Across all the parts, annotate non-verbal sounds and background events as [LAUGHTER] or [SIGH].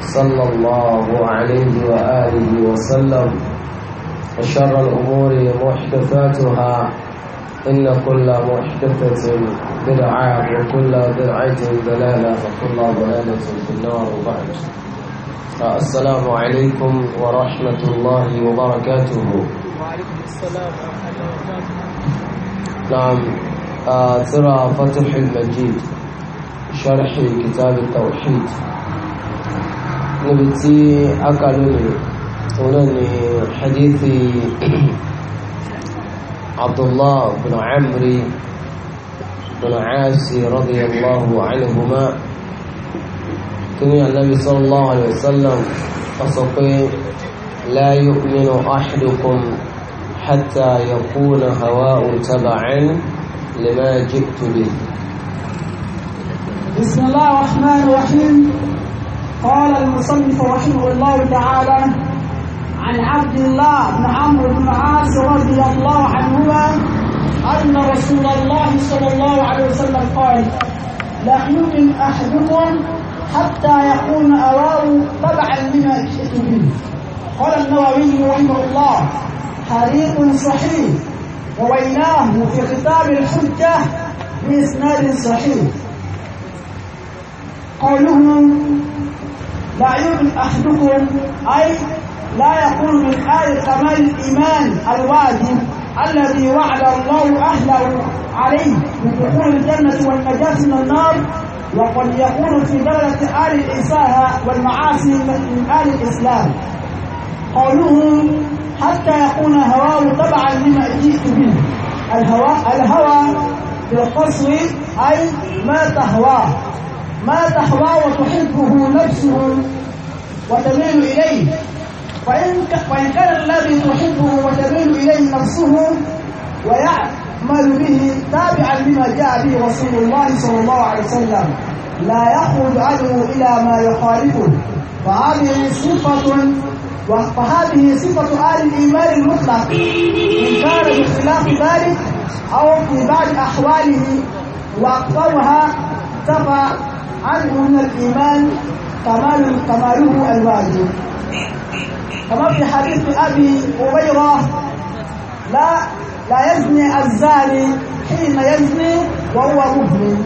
صلى الله عليه وآله وسلم وشر الأمور محدثاتها إن كل محدثة بدعة وكل بدعة دلالة وكل ضلالة في النار وبعد السلام عليكم ورحمة الله وبركاته وعليكم السلام ورحمة الله وبركاته نعم ترى آه، فتح المجيد شرح كتاب التوحيد níbi tí a kà lónìí òun náà ni hadithi [CLEARS THROAT] abdullah bin amri bin aasi radiyallahu anhuma tó ní anabi sallallahu alayhi wa sallam a sọ pé la yu'minu ahadukum hatta yakuna hawa'u taba'an lima jiktu bi. بسم الله الرحمن الرحيم قال المصنف رحمه الله تعالى عن عبد الله بن عمرو بن عاص رضي الله عنهما أن رسول الله صلى الله عليه وسلم قال لا يؤمن أحدكم حتى يكون أراه تبعا لما جئت به قال النووي رحمه الله حديث صحيح وويناه في كتاب الحجة بإسناد صحيح قوله لا يؤمن أحدكم أي لا يقول من آية كمال الإيمان الواجب الذي وعد الله أهله عليه بدخول الجنة والنجاة من النار وقد يكون في درجة آل الإساءة والمعاصي من آل الإسلام قوله حتى يكون هواه تبعا لما جئت به الهوى الهوى بالقصر أي ما تهواه ما تحوى وتحبه نفسه وتميل إليه وإن كان الذي تحبه وتميل إليه نفسه ويعمل به تابعا لما جاء به رسول الله صلى الله عليه وسلم لا يخرج عنه إلى ما يخالفه فهذه صفة فهذه صفة آل الإيمان المطلق إن كان باختلاف ذلك أو في بعض أحواله وأقوها عنه من الإيمان كمال كماله الواجب كما في حديث أبي هريرة لا لا يزني الزاني حين يزني وهو مؤمن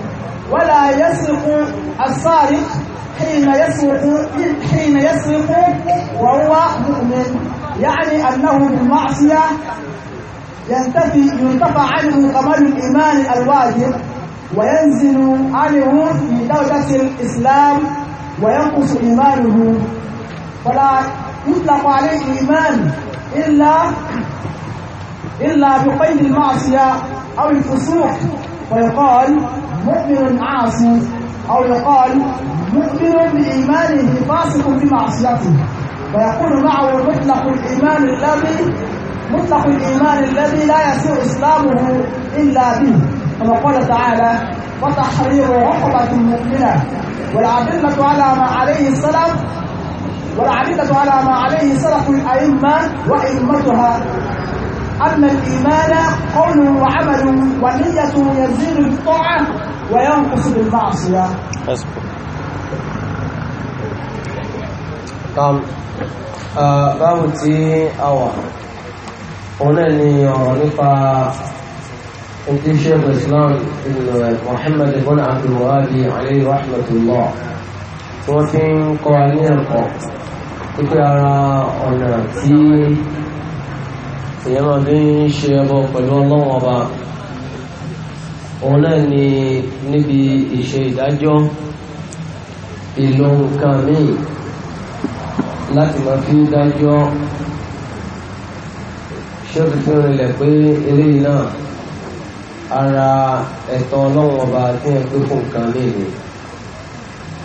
ولا يسرق السارق حين يسرق حين يسرق وهو مؤمن يعني أنه بالمعصية ينتفي ينتفع عنه كمال الإيمان الواجب وينزل عنه في دولة الإسلام وينقص إيمانه فلا يطلق عليه إيمان إلا إلا بقيد المعصية أو الفسوق ويقال مؤمن عاصي أو يقال مؤمن بإيمانه فاسق بمعصيته ويكون معه مطلق الإيمان الذي مطلق الإيمان الذي لا يسوء إسلامه إلا به كما قال تعالى وتحرير رقبة مؤمنة والأدلة على ما عليه السلف والأدلة على ما عليه سلف الأئمة وأئمتها أن الإيمان قول وعمل ونية يزيد بالطاعة وينقص بالمعصية. نعم باب تي أوا. هنا نيو انت شيخ الاسلام ابن محمد بن عبد الوهاب عليه رحمه الله وفين قوانين pípẹ́ ara ọ̀nà tí èèyàn máa fi ń ṣe ẹbọ pẹ̀lú ọlọ́run ọba òun náà ni níbi ìṣe ìdájọ́ ìlò nǹkan míì láti máa fi dájọ́ ṣé o ti fi rinlẹ̀ pé eléyìí náà ara ẹ̀tọ́ ọlọ́run ọba tí wọ́n gbé fún nǹkan léèrè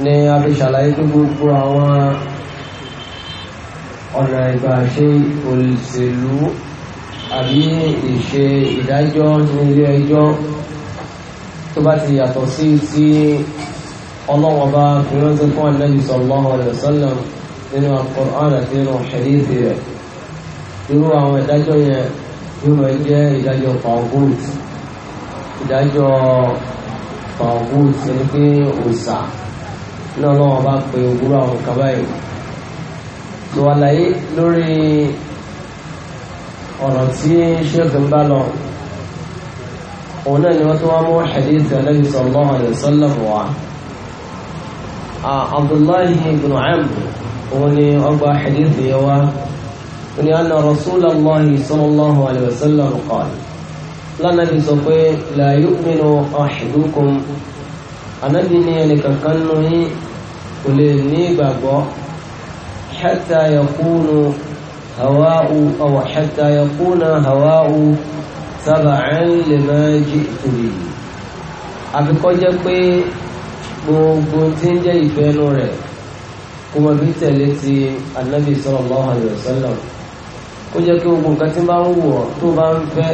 ní abíṣàlàyé tó gbogbo àwọn ọ̀nà ìgbàṣe òṣèlú àbí ìṣe ìdájọ́ ní ilé ẹjọ́ tó bá ti yàtọ̀ sí tí ọlọ́run ọba fi ránṣẹ́ fún Ànábì sallallahu alaihi wasallam nínú Al-Qur'an àti nínú hadith rẹ̀ irú àwọn ìdájọ́ yẹn yóò máa jẹ́ ìdájọ́ pàgọ́ọ̀tì ìdájọ́ ọ̀gùn ti ní pé òòsà náà lọ́wọ́ bá pe òwúrò àwọn nǹkan báyìí tó àlàyé lórí ọ̀rọ̀ tí ṣéèkì ń bá lọ òun náà ni wọ́n tó wá mú hadith Ànábì sallallahu alaihi wasallam wa Abdullahi ibn Amr òun ni ọgbà hadith yẹn wá òun ni anna Rasulullahi sallallahu alaihi wasallam qala lánàbí sọ pé la yu'minu ahadukum anábì ní ẹnìkankan nù yín kò lè ní ìgbàgbọ́ hatta yakunu hawa'u aw hatta yakuna hawa'u taba'an lima ji'tu bihi àfikọ́ jẹ́ pé gbogbo tí ń jẹ́ ìfẹ́ inú rẹ̀ kó mọ bí tẹ̀lé ti anabi sallallahu alaihi wasallam kó jẹ́ kí gbogbo nǹkan tí bá ń wù tó bá ń fẹ́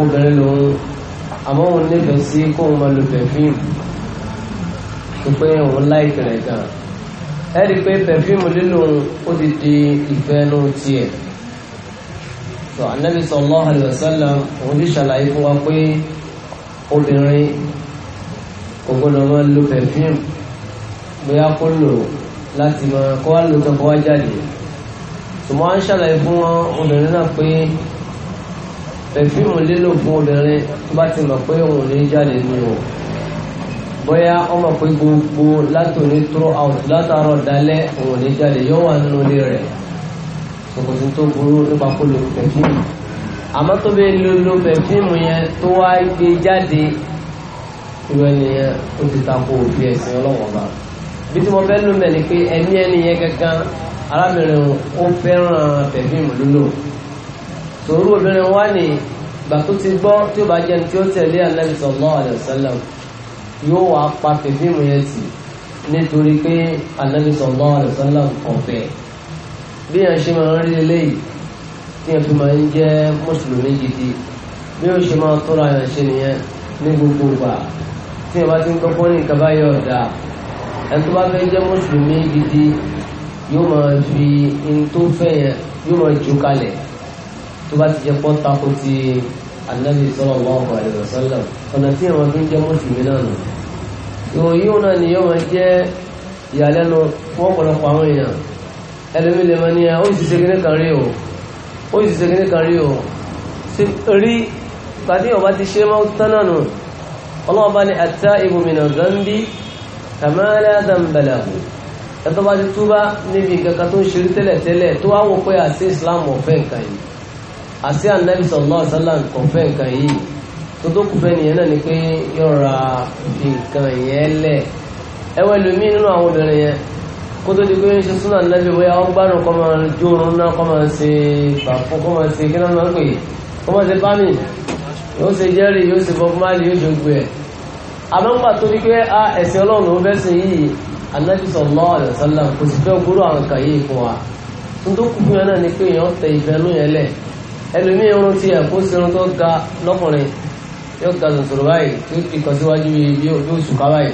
obìnrin lòun àmọ́ òun nífẹ̀ẹ́ sí kóun máa lo pẹ̀fíìmù tó pé òun láìpẹ́ rẹ̀ gan ẹ rí i pé pẹ̀fíìmù lílo ó ti di ìfẹ́ nù tiẹ̀ tó anabi sallallahu alaihi wasallam òun ti ṣàlàyé fún wa pé obìnrin kò gbọdọ̀ máa lo pẹ̀fíìmù bóyá kó lò láti máa kó wá lò kankan wá jáde tòmọ́ à ń ṣàlàyé fún obìnrin náà pé. pẹ̀fíìmù lílò fún obìnrin tó bá ti mọ̀ pé òun ní jáde ní o bóyá ọmọ pé gbogbo látòní throughout látàárọ̀ òun ní jáde yóò wà nínú ilé rẹ̀ ṣòkòtò tó burú nípa kó lo àmọ́ tó bẹ́ẹ̀ yẹn tó wá gbé ko ẹ̀sìn bí tí mo fẹ́ pé ẹ̀mí kankan arábìnrin ó fẹ́ràn tòrú obìnrin wá ní gbàtó ti gbọ́ tí ó bá jẹun tí ó tẹ̀lé Ànábì sallallahu alaihi wasallam yóò wá pa pẹ̀fíìmù yẹn sí nítorí pé Ànábì sallallahu alaihi wasallam ọ̀fẹ́ bí yẹn ṣe máa ń rí eléyìí tí yẹn fi máa ń jẹ́ mùsùlùmí gidi bí ó ṣe máa tọ́ra yẹn ṣe nìyẹn ní gbogbo ìgbà tí yẹn bá ti ń kọ́kọ́ ní ìkàbá yẹn ọ̀dà ẹni tó bá fẹ́ jẹ́ mùsùlùmí gidi yóò máa fi in tó fẹ́ yẹn yóò máa jù kalẹ̀ tó bá ti jẹ́ pọ́ tako ti anabi sallallahu alaihi wasallam ọ̀nà tí àwọn tó ń jẹ́ mùsùlùmí náà nù. ìròyìn yóò náà nìyẹn máa jẹ́ ìyàlẹ́nu fún ọ̀pọ̀lọpọ̀ àwọn èèyàn ẹlẹ́mí lè máa ní ẹ ó sì ṣe kíní kan rí o ó sì ṣe kíní kan rí o rí pàdé ọba ti ṣe máa tán náà nù ọlọ́wọ́ bá ní ata ibùmínà zambi kàmáàlá zambala ẹ̀tọ́ bá ti túbá níbi nǹkan kan tó ń ṣe rí tẹ́lẹ̀tẹ́lẹ̀ tó wá wò pé àti Islam ọ̀fẹ́ nǹkan yìí àti anabi sallallahu alaihi wasallam fẹ́ nǹkan yìí tó tó kù fẹ́ nìyẹn náà ni pé yọra fi nǹkan yẹn lẹ̀ ẹwẹ́ lomi nínú àwọn obìnrin yẹn kó tó di pé ṣe súnà anabi bóyá gbádùn kọ́ máa náà kọ́ máa ṣe bàfọ́ kọ́ máa ṣe kí a ẹ̀sìn ọlọ́run ó fẹ́ ẹlòmí irun ti ẹ̀kú sírun tó ga lọ́kùnrin yóò ga sòsòrò báyìí tó ti kàn síwájú bí oṣù ká báyìí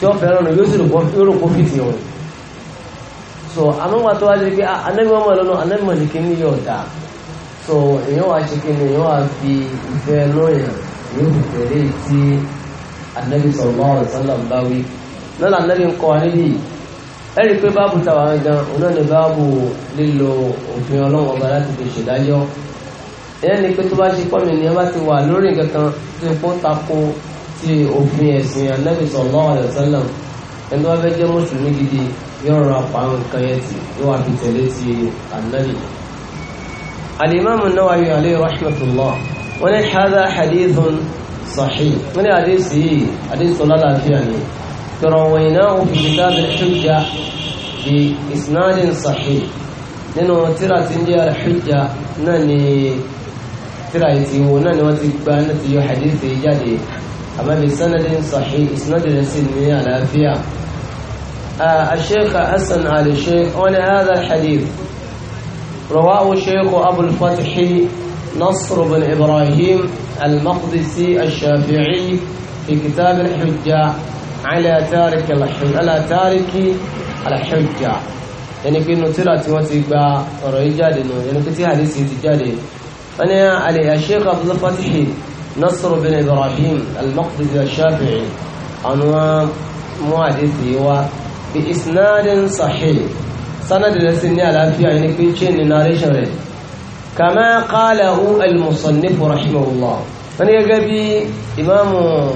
tí ó fẹ́ràn yóò sì rò kó fìtì òun so àmọ́wà tó wá di pé anẹ́gbẹ́mọ̀ ah, lọ́nà anẹ́gbẹ́mọ̀ ní kíní yóò dà so èyàn wá ṣe kíní èyàn wá fi ìfẹ́ lóyàn yóò fi tẹ̀lé tí anẹ́bí sallallahu alaihi wasallam bá wí lọ́nà anẹ́bí ń kọ́ níbi ẹ̀rí pé báàbù tàwa gan onáà ní báàbù lílo òfin ọlọ́wọ́ ọba láti fi ṣèdájọ́ ìyẹn ni pé tó bá ṣe pọ́nmi ni ẹ bá ti wà lórí nǹkan kan tó yẹ kó tako ti òfin ẹ̀sìn Ànábì sallallahu alaihi wasallam ẹni tó bá fẹ́ jẹ́ mùsùlùmí gidi yóò rọra pa nǹkan yẹn tì yóò wá fi tẹ̀lé ti Ànábì. Al-Imam An-Nawawi alayhi wọ́n ní hadha hadithun sahih wọ́n ní àdéhùn yìí lálàáfíà ni tọrọwìnáwó fi kitab al-hujja bi tíra yìí ti wo náà ni wọ́n ti gba náà ti yọ hadith yìí jáde àmọ́ bí sanadin sahih ìsinadin rẹ̀ sì ní àlàáfíà. الشيخ حسن علي الشيخ وأنا هذا الحديث رواه الشيخ أبو الفتح نصر بن إبراهيم المقدسي الشافعي في كتاب الحجة على تارك الحجة على تارك الحجة يعني كأنه ترى تيوتي با رأي جادي يعني كتير حديث يتجادي أنا علي الشيخ أبو فتحي نصر بن إبراهيم المقبض الشافعي عنوان مؤلفي و بإسناد صحيح سند لسني على في عينك يعني بيتشين لناريشن كما قاله المصنف رحمه الله أنا يقابي إمام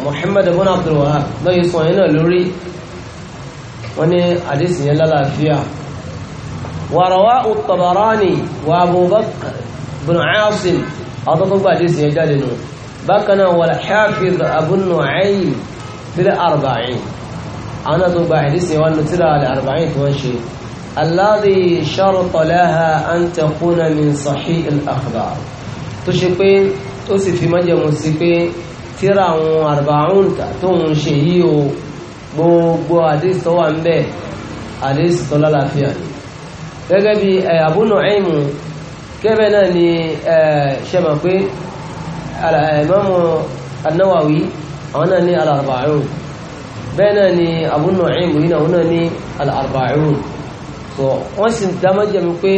محمد بن عبد الوهاب ما يصوينا لوري وني أديس يلا لا فيها ورواء الطبراني وأبو بكر bin Asim àwọn tó kọ́ gbà dé sìn jáde nù bákan náà wal Hafiz Abu Nu'aym fil arba'in àwọn náà tó gbà dé sìn wọn tíra al arba'in tí wọ́n ṣe alladhi sharata laha an takuna min sahih al akhbar tó ṣe pé ó sì fi májẹ̀mú sí pé tíra àwọn arba'un tó ń ṣe yìí o gbogbo àdéhùn tó wà ń bẹ̀ àdéhùn tó lálàáfíà gẹ́gẹ́ bí eh, Abu Nu'aym kẹ́bẹ̀ náà ni ṣẹmà pé Imamu An-Nawawi àwọn náà ní al-arba'un bẹ́ẹ̀ náà ni Abu Nu'aym yìí náà náà ní al-arba'un so wọ́n sì dámọ́jẹ́ mi pé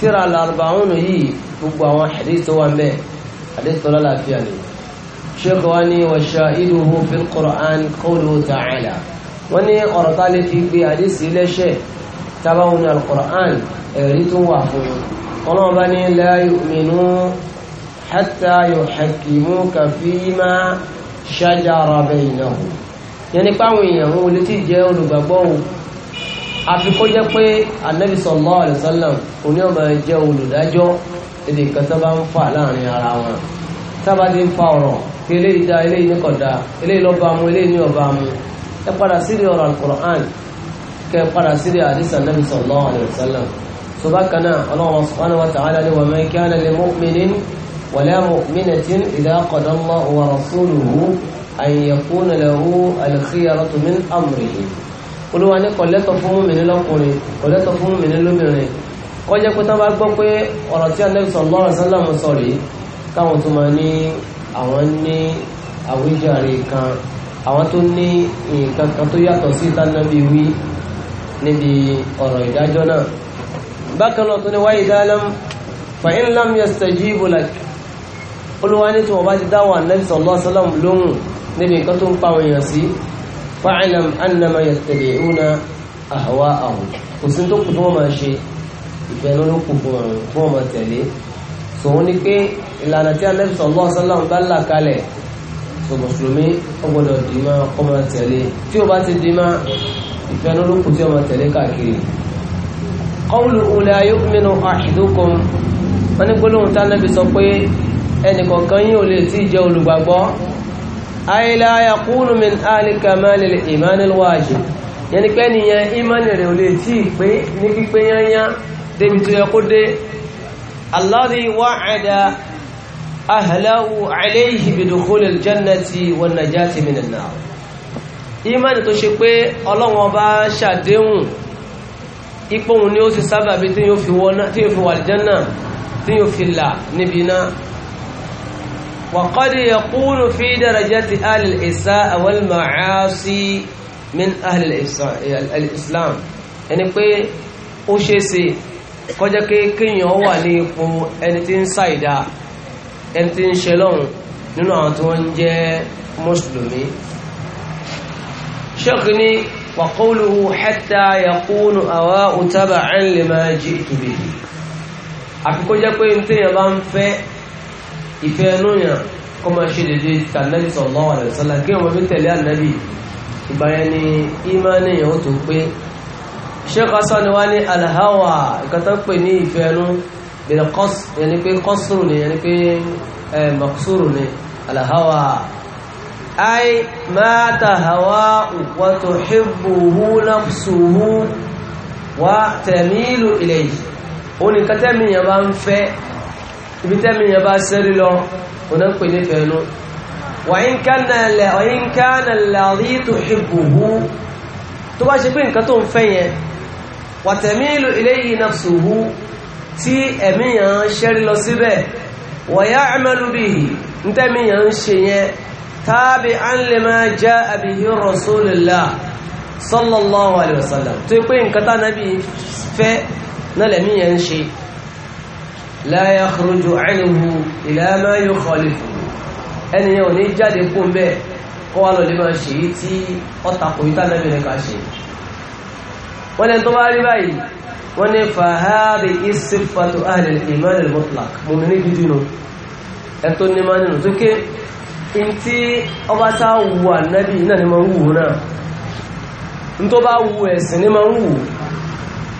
tíra al-arba'un yìí gbogbo àwọn hadith tó wà ń lálàáfíà ni ṣékọ̀ wá ní wa sha'iduhu fil Qur'an qawluhu ta'ala wọ́n ní ọ̀rọ̀ lè fi gbé hadith sílẹ̀ tábàwọn ní alukur'an ẹ̀rí tó wà fún un ọlọ́run bá ní la yu'minu hatta yuhakkimuka fima shajara baynahum yẹn nípa àwọn èèyàn wọn ò lè ti jẹ́ olùgbàgbọ́ o àfi kó jẹ́ pé anabi sallallahu alaihi wasallam òní ọmọ ẹ jẹ́ olùdájọ́ èdè kan tó bá ń fà láàrin ara wọn tábà ti ń fa ọ̀rọ̀ kí eléyìí dá eléyìí ní kódà eléyìí lọ́ba mu eléyìí ní ọba mu ẹ padà sí ilé ọ̀rọ̀ alukur'an kẹ padà sí rí àdísà nàbì sallallahu alaihi wasallam tó bá kanáà ọlọ́wọ́ subhanahu wa ta'ala ni wa ma kana lil mu'minin wa la mu'minatin idha qada Allahu wa rasuluhu an yakuna lahu al-khiyaratu min amrihi olúwa ní kọ̀lẹ́tọ̀ fún mùmìnì lọ́kùnrin kọ̀lẹ́tọ̀ fún mùmìnì lóbìnrin kọ́ jẹ́ pé tán gbọ́ pé ọ̀rọ̀ tí Ànábì sallallahu alaihi níbi ọ̀rọ̀ ìdájọ́ náà bákan náà tó ní wáyé dáálẹ́m fàyín lam yastajibu lak olúwa ní tí wọ́n bá ti dáwà nabi sallallahu alaihi wasallam lóhùn níbi nǹkan tó ń pa àwọn èèyàn sí fa'lam annama yattabi'una ahwa'ahum kò sí tó kù tí wọ́n máa ṣe ìfẹ́nu ló kù fún ọ̀run tí wọ́n máa tẹ̀lé sòun ni pé ìlànà tí Ànábì sallallahu alaihi wasallam bá là kalẹ̀ tó mùsùlùmí ó gbọ́dọ̀ dì í máa kọ́ máa tẹ̀lé tí ó bá ti dì í máa ìfẹ́ ló lókun tí ó máa tẹ̀lé káàkiri. qawlu la yu'minu ahadukum wọn ní gbólóhùn tá nàbí sọ pé ẹnìkọ̀ọ̀kan yìí ò lè tí ì jẹ́ olùgbàgbọ́ ay la yakunu min ahli kamalil imanil wajib yẹn ni pé nìyẹn ìmánì rẹ̀ ò lè tí ì pé ní pípé yányá débi tó yẹ kó dé alladhi wa'ada ahlawu alayhi bidukhul aljannati wan najati minan nar imani tó ṣe pé Ọlọ́hun bá ṣàdéhùn ipò òun ni ó sì sábàbí tí yóò fi wà aljanna tí yóò fi là níbi iná wa qad yakunu fi darajati ahli al-isaa wal ma'asi min ahli al-islam ẹni pé ó ṣe é ṣe kọjá kéèyàn wà ní ipò ẹni tí ń ṣàìdá ẹni tí ń ṣe lọ́hùn nínú àwọn tí wọ́n ń jẹ́ mùsùlùmí ṣọ́kì ní wàkóòlùhù hatta yakunu àwa òtábà ẹ̀ lè máa jí ìtòbí àfikún jẹ́ pé ní téèyàn bá ń fẹ́ ìfẹ́ ẹnu yàn máa ṣe dédé tànàbí sallallahu alaihi kí wọ́n fi tẹ̀lé ànábì ìgbà yẹn ni ìmánì ó tó pé ṣé kásán wá ní alhawa ìkàtà pè ní ìfẹ́ ẹnu bẹ̀rẹ̀ kọ́sù yẹni pé kọ́sùrù ni yẹni pé eh, mọ̀kúsùrù ni alhawa ai mata hawa wa tuhibbuhu nafsuhu wa tamilu ilayhi ó ní kátẹ́mì yẹn bá ń fẹ́ ibi tẹ́mì yẹn bá sẹ́rí lọ ọ̀nà ń pè ní fẹ́nu wàyín kánà làrí tuhibbuhu tó bá ṣe pé nǹkan tó ń fẹ́ yẹn wa tamilu ilayhi nafsuhu tí ẹ̀mí yàn ń ṣẹ́rí lọ síbẹ̀ wọ̀yá ẹ̀mẹ́lúbì ntẹ́mí yàn ń ṣe yẹn tábí à ń lè máa já àbíyí rasulillah sallallahu alayhi wa sallam tó pé nǹkan tá nábì fẹ́ náà lẹ́mí yàn ń ṣe la yakhruju anhu ila ma yukhalifu ẹnìyàn ò ní jáde lè máa ṣe yí tí ọ̀tàkùn yìí tá nábì ká ṣe wọ́n lẹ́ni tó bá rí báyìí wọ́n ní fàhádì ìsìnfàtò ààrẹ ìmọ̀lẹ̀ mutlak mọ̀mìnì gidi nù ẹ̀tọ́ ní máa nínú tó ké in tí ọba sá wù ànábì náà ni máa ń wù náà n tó bá wù ẹ̀sìn ni máa ń wù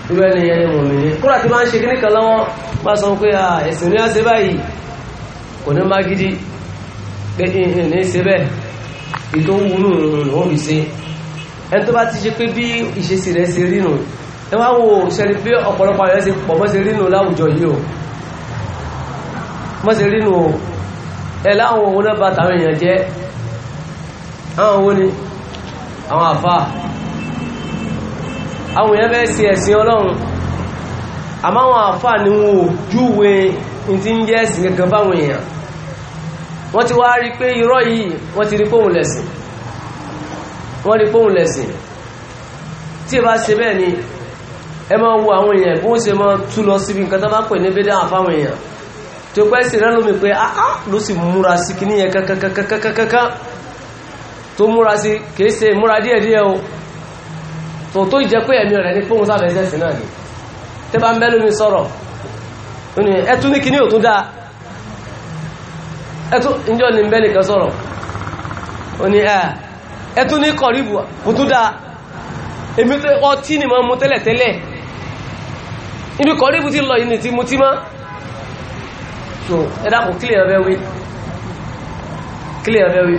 irú ẹni ẹni mọ̀mìnì kúrò àti máa ń ṣe kí nìkan lọ́wọ́ bá sọ pé ah, ẹ̀sìn ní àṣẹ báyìí kò ní máa gidi pé ìhìn ní ṣe bẹ́ẹ̀ ètò wù nù òun ò fi ṣe ẹni tó bá ti ṣe pé bí ìṣesí rẹ̀ ṣe rí nù ẹwà wo ṣẹlẹ̀ pé ọ̀pọ̀lọpọ̀ àyẹ́ sí pọ̀ mọ́sí rínú láwùjọ yìí o mọ́sí rínú ẹ láwọn ohun náà bá tàwọn èèyàn jẹ́ àwọn ohun ni àwọn àfà àwọn èèyàn bẹ́ẹ̀ sí ẹ̀sìn ọlọ́run àmọ́ àwọn àfà ni wọn ò júwe tí ń jẹ́ ẹ̀sìn gẹ́gẹ́ fáwọn èèyàn wọ́n ti wá rí pé irọ́ yìí wọ́n ti rí póhùn lẹ̀sìn wọ́n rí póhùn lẹ̀sìn tí ẹ bá ṣe bẹ́ẹ̀ ni ẹ máa wo àwọn èèyàn bí wọ́n ṣe máa tú lọ síbi nǹkan tó bá pè ní bídá àfáwọn èèyàn tó pẹ́ sí rẹ́ lómi pé áá ah, ah, ló sì múra sí kí níyẹn kankankankankankan tó múra sí kìí ṣe múra díẹ̀díẹ̀ o tó tó ìjẹ́ pé ẹ̀mí rẹ̀ ní pé òun sábẹ̀ ṣẹ̀sìn náà ni tẹ́ bá ń bẹ́ lómi sọ̀rọ̀ ẹ tún ní kíní ò tún dáa ẹtún ìjọ ni bẹ́ẹ̀ nìkan sọ̀rọ̀ o ní ẹ̀ ẹtún ní kọ̀ríbù kò tún dáa èmi ọtí ni mo mú tẹ́lẹ̀tẹ́lẹ̀ ibi kọ̀ ríbu tí lọ yìí ni tí mú tí mọ́ so ẹ̀dàkùn kílẹ̀ ọ̀bẹ̀ wí kílẹ̀ ọ̀bẹ̀ wí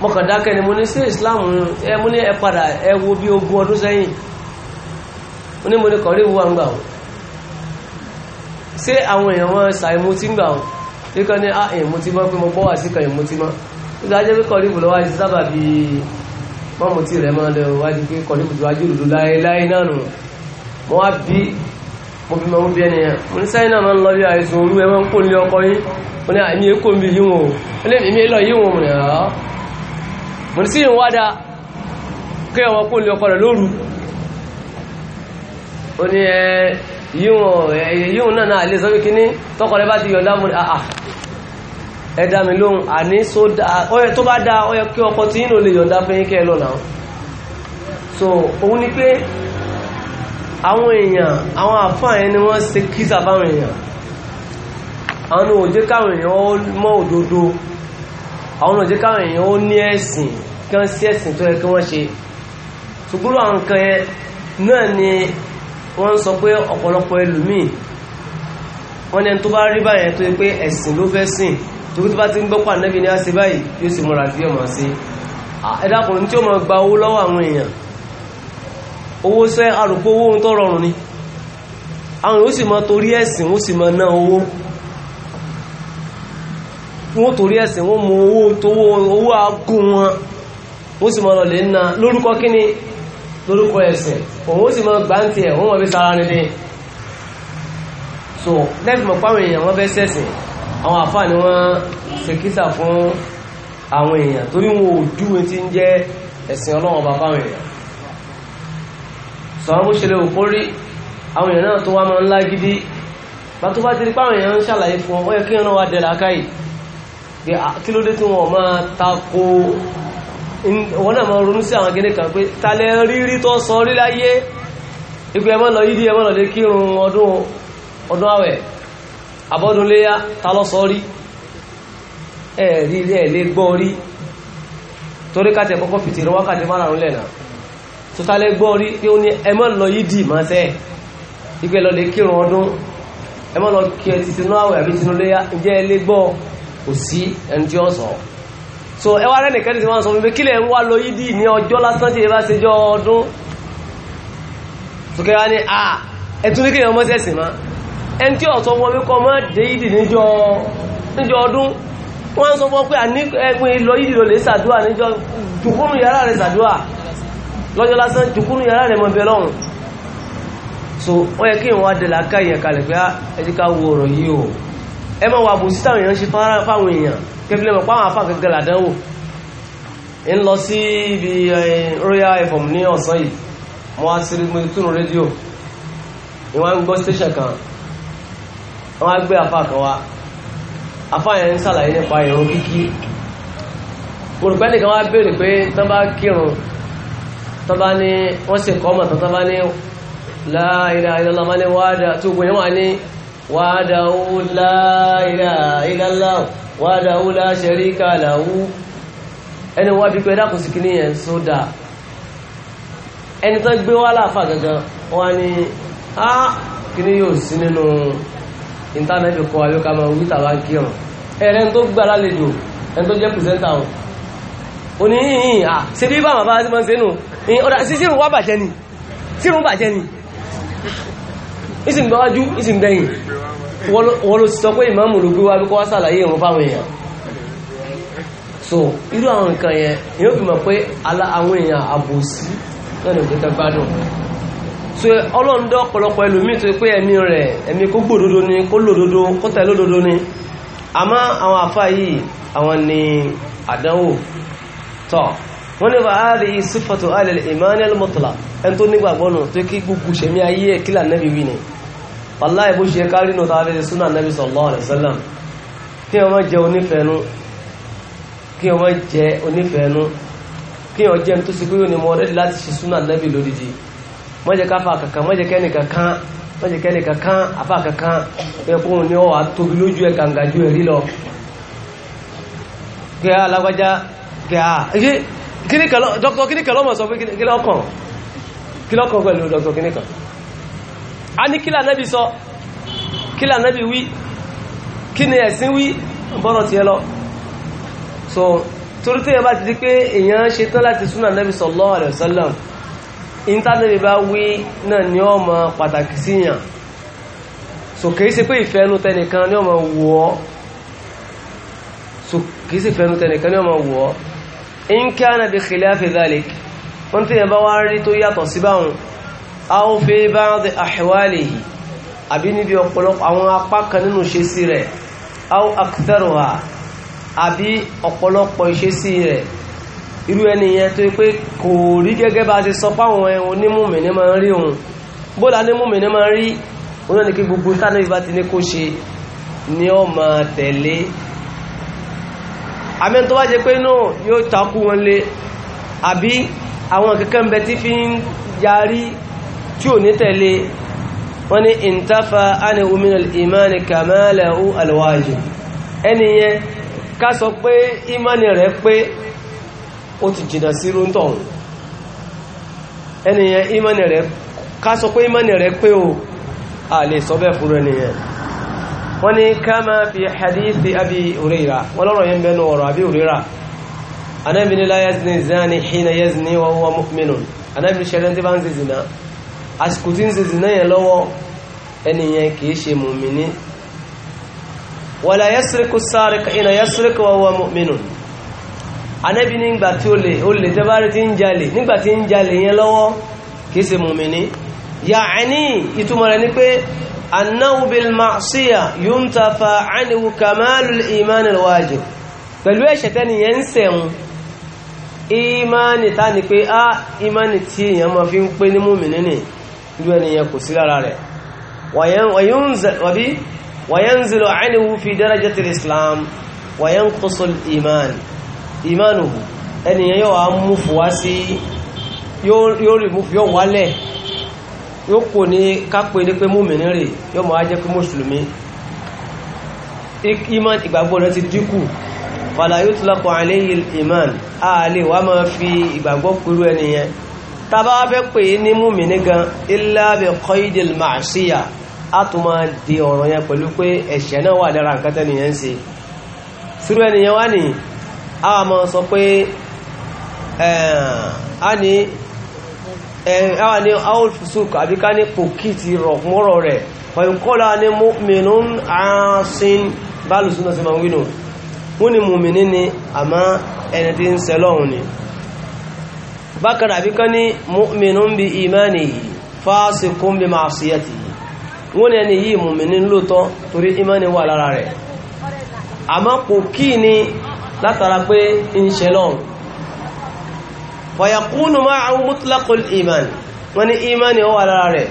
mọ́kàndákẹ́ ni mo ní sí Islam ẹ mú ní ẹ padà ẹ wo bí ogún ọdún sẹ́yìn mo ní mo ní kọ̀ ríbu wà ń gbà wọn ṣé àwọn èèyàn wọn ṣàìmú tí ń gbà wọn kíkọ́ ní ah èèmú tí mọ́ pé mo bọ́ wà sí kan èèmú tí mọ́ nígbà jẹ́ pé kọ̀ ríbu lọ́wọ́ àti sábà bíi mọ́mù tí rẹ̀ máa lọ wájú pé kọ̀ ríbu tó wájú òdodo láéláé náà nù mo wá bí mo fi mọ̀ bí ẹni yẹn mo ní sẹ́yìn náà máa ń lọ bí àìsàn olú ẹ máa ń kó lé ọkọ yín mo ní àìní èkó mi yí wọn o lè mímí lọ yí wọn mo ní ọ́ mo ní sí ìwọ́n wáda kí ọmọ kó lé ọkọ rẹ̀ lóru ó ní ẹ yíwọn yíwọn náà náà lè sọ pé kíní tọkọ rẹ bá ti yọ̀ǹda mo àà ẹ dá mi lóhùn àní tó bá dáa ó yẹ kí ọkọ tí yín ló lè yọ̀ǹda fún yín kẹ́ ẹ lọ so òun ni pé àwọn èèyàn àwọn àfáà yẹn ni wọ́n ṣe kíza báwọn èèyàn àwọn ni òjé káwọn èèyàn ó mọ̀ òdodo àwọn òjé káwọn èèyàn ó ní ẹ̀sìn kí wọ́n sí ẹ̀sìn tó yẹ kí wọ́n ṣe ṣùgbọ́n àwọn nǹkan yẹn náà ni wọ́n ń sọ pé ọ̀pọ̀lọpọ̀ ẹlòmíì wọ́n ní ẹni tó bá rí báyẹn tó yẹ pé ẹ̀sìn ló fẹ́ sìn tó bá ti ń gbọ́pọ̀ ànábì ní á ṣe báyìí yóò sì múra bí ọmọ mọ̀ owó sẹ́ àrùkú owó ohun tó rọrùn ni àwọn yóò sì torí ẹ̀sìn wọ́n sì ma ná owó wọ́n torí ẹ̀sìn wọ́n mọ owó tówó owó agún wọn sì mọ lọ́lẹ̀ ná lórúkọ kíni lórúkọ ẹ̀sìn òun ó sì ma gbáǹtì ẹ̀ wọ́n mọ bí sára nílé so lẹ́fì mọ̀ páwọn èèyàn wọ́n fẹ́ sẹ́sìn àwọn àfáà ni wọ́n ṣèkísà fún àwọn èèyàn torí wọn ò dúwe sọ̀rọ̀ bó ṣe lè òkó rí àwọn èèyàn náà tó wá máa ń lágídí bá tó bá ti rí páwọn èèyàn ń ṣàlàyé fún ọ yẹ kí wọn wá dẹ̀rẹ̀ akáyì pé kí ló dé tí wọn máa tako wọn náà máa ronú sí àwọn gẹ́gẹ́ kan pé ta lẹ rírí tó sọ rí láyé ipò ẹ má lọ yídí ẹ má lọ lè kírun ọdún ọdún àwẹ̀ abọ́dún léyá ta lọ sọ rí ẹ̀ẹ́dí ilé ẹ̀ lé gbọ́ rí torí ká kọ́kọ́ fìtì rọ wákàtí márùn-ún lẹ́nà sọtálẹ́ gbọ́ rí pé ó ní ẹmọ́ lọ yìí dì máa sẹ́ ìgbẹ́ lọ lè kírun ọdún ẹmọ́ lọ kí ẹ ti sinú àwẹ̀ àbí sinú léyà ǹjẹ́ ẹ lè gbọ́ kò sí ẹni so ẹ wá rẹ́ nìkan tí wọ́n sọ fún mi kí lè ń wá lọ yìí dì ní ọjọ́ lásán tí ẹ bá ṣe jọ ọdún sókè wá ní à ẹ tún ní kí ẹ̀yàn mọ́sẹ̀ sìn má ẹni tí ọ̀sọ́ wọn wípé ọmọ dé yìí dì níjọ ọdún wọ́n sọ fún ọ pé ẹgbẹ́ lọ yìí dì lọ lè ṣàdúrà níjọ lọ́jọ́ lásán jùkúrú yàrá rẹ̀ mọ́ bẹ lọ́hùn so ó yẹ kí ìwọ̀n adẹ̀lá ká èèyàn kalẹ̀ pé ah, ẹjíká wo ọ̀rọ̀ yìí o ẹ mọ̀ wà bùsí táwọn èèyàn ṣe fáwọn èèyàn kẹbílẹ̀ mọ̀ páwọn afá gẹ́gẹ́ làdánwò ń lọ sí ibi royal fm ní ọ̀sán yìí mo wá sí mo túnú rédíò ìwọ̀n gbọ́ station kan wọ́n á gbé afá kan wá afá yẹn ń sàlàyé nípa ìrun kíkí olùpẹ́ nìkan wá béèrè pé tán bá kírun tọ́bá ní wọ́n sì kọ́ mọ̀ tọ́bá ní la ilaha illallah máa ní wáàdà tí ogun yẹn ní wáàdà ó la ilaha illallah wáàdà ó la sharika lahu ẹni wá bí pé dákùn sí kí ní yẹn sódà ẹni tó gbé wá láàfà gangan wọ́n ní á kí ní yóò sí nínú ìntánẹ́ẹ̀tì kọ́ ayọ́ká máa wí tàbá kí ọ̀rọ̀ ẹ̀rẹ́ tó gbà lálejò ẹni tó jẹ́ pìsẹ́ntà ọ̀hún ó ní ìhìn à ṣe bí báwọn bá mọ́ sínú ọ̀dá sí sírùn wá bàjẹ́ ni sírùn bàjẹ́ ni ìsìn gbáwájú ìsìn gbẹ̀yìn wọ́n ló sọ pé ìmáàmù ló gbé wá bí kó wá sàlàyé ìrun fáwọn èèyàn so irú àwọn nǹkan yẹn ni ó fi mọ̀ pé àwọn èèyàn àbòsí náà lè gbẹ́tẹ́ gbádùn so ọlọ́run dọ́ ọ̀pọ̀lọpọ̀ ẹlòmíì tó pé ẹ̀mí rẹ̀ ẹ̀mí kó gbòdodo ni kó lòdodo kó tẹ̀lódodo ni àmọ́ àwọn àfáà yìí àwọn ni àdánwò tọ́ wọ́n ní wà áàlì ìsúfàtò áàlì ìmánil mọ́tòlá ẹni tó nígbàgbọ́ nù tó kí gbogbo ṣẹ̀mí ayé ẹ̀ kílà nẹ́bí wí ni wàlá ìbú ṣe kárí nù tàbí ṣe súnà nẹ́bí sallallahu alaihi wasallam kí ọmọ jẹ onífẹ̀ẹ́nu kí ọmọ jẹ onífẹ̀ẹ́nu kí ọmọ jẹ tó ṣe pé yóò ní mọ rẹ́dí láti ṣe súnà nẹ́bí lódìdí mọ́jẹ káfà kankan mọ́jẹ kẹ́ni kankan mọ́jẹ kẹ́ni kankan tóbi lójú ẹ̀ gàǹgàjú ẹ̀ lọ kí alágbájá pé ah dr kíníkà lọ́mọ̀ sọ pé kílọ́kàn kílọ́kàn pẹ̀lú dr kíníkà a ní kílà nẹ́bí sọ kílà nẹ́bí wí kí ni ẹ̀sìn wí bọ́nà ti ẹ lọ so torí tí yẹn bá ti di pé èèyàn ṣe tán láti súnà nẹ́bí sallallahu alaihi wasallam intanẹ́bí bá wí náà ní ọmọ pàtàkì síyàn so kìí ṣe pé ìfẹ́nu tẹnìkan ní ọmọ wọ́ so kìí ṣe ìfẹ́nu tẹnìkan ní ọmọ wọ́ in kana bi khilafi dhalik wọ́n tí yẹba wá rí tó yàtọ̀ sí báhùn a ó fi ba'd ahwalihi àbí níbi ọ̀pọ̀lọpọ̀ àwọn apá kan nínú ìṣesí rẹ̀ a ó aktharuha àbí ọ̀pọ̀lọpọ̀ ìṣesí rẹ̀ irú ẹniyẹn tó pé kò rí gẹ́gẹ́ bá ti sọ páwọn onímùmìnì máa ń rí òun bóla onímùmìnì máa ń rí òun náà ní kí gbogbo tánà ìbá ti ní kó ṣe ni ó máa tẹ̀lé àmẹ́ni tó bá jẹ pé náà yóò takú wọn lé àbí àwọn kẹ́kẹ́ ń bẹ tí fi ń yarí tí ò ní tẹ̀lé wọ́n ní ìntafa ánì ominal imani kàmẹ́lẹ̀ ó alwajib ẹni yẹn ká sọ pé imani rẹ̀ pé ó ti jìnà sí rúntọ̀hún ẹni yẹn imani rẹ̀ ká sọ pé imani rẹ̀ pé ó a lè sọ bẹ́ẹ̀ fúnra wọ́n ní kama fi hadithi abi huraira wọ́n lọ́rọ̀ yẹn bẹnu ọ̀rọ̀ abi huraira anabi ni la yazni zani hina yazni wa huwa mu'minun anabi ni ṣẹlẹ̀ tí bá ń ṣe zina àsìkò tí ń ṣe zina yẹn lọ́wọ́ ẹnìyẹn kìí ṣe mùmíní wala yasriku sariq hina yasriku wa huwa mu'minun anabi ni ìgbà tí ó lè ó lè tẹ́bárí tí ń jalè nígbà tí ń jalè yẹn lọ́wọ́ kìí ṣe mùmíní ya'ani ìtumọ̀ rẹ̀ ni pé annahu bil ma'siyah yuntafa anhu kamalul iman al wajib pẹ̀lú ẹ̀ṣẹ̀ tẹ́ni yẹn ń sẹ̀hun ìmánì tá ni pé á ìmánì tí èèyàn máa fi ń pé ní mùmínì nì ìlú ẹniyàn kò sí lára rẹ̀ wayanzilu anhu fi darajatil islam wayanqusul iman imanuhu ẹniyàn yóò wá mú fùwá sí yóò rí mú fi yóò wálẹ̀ yóò kò ní kápẹ́ ní pé múmìnì rè yóò máa jẹ́ pé mùsùlùmí iman ìgbàgbọ́ rẹ̀ ti dínkù fàlà yóò tún lọ́pọ̀ àléyìn iman a lè wá máa fi ìgbàgbọ́ pẹ̀lú ẹni yẹn tàbá fẹ́ pè é ní múmìnì gan illa bi qaydil ẹ̀wà ní aul fusuk ka ká ní pòkì ti rọ̀mọ́rọ̀ rẹ̀ ọ̀yọ̀kọ́lá ní mu'minun asin bálùsúnà sí ma wínú wọ́n ni mu'mini ni ama ẹni tí ń sẹlọ́hun ni bákan àbí ká ní mu'minun bí imanihi fasikun bí ma'asiyatihi wọ́n ni ẹni yìí mu'mini lóòtọ́ torí imani wa lára rẹ̀ àmá pòkì ni látara pé ń fayakunu ma'ahu mutlaqul iman wọ́n ní imani ó wà lára rẹ̀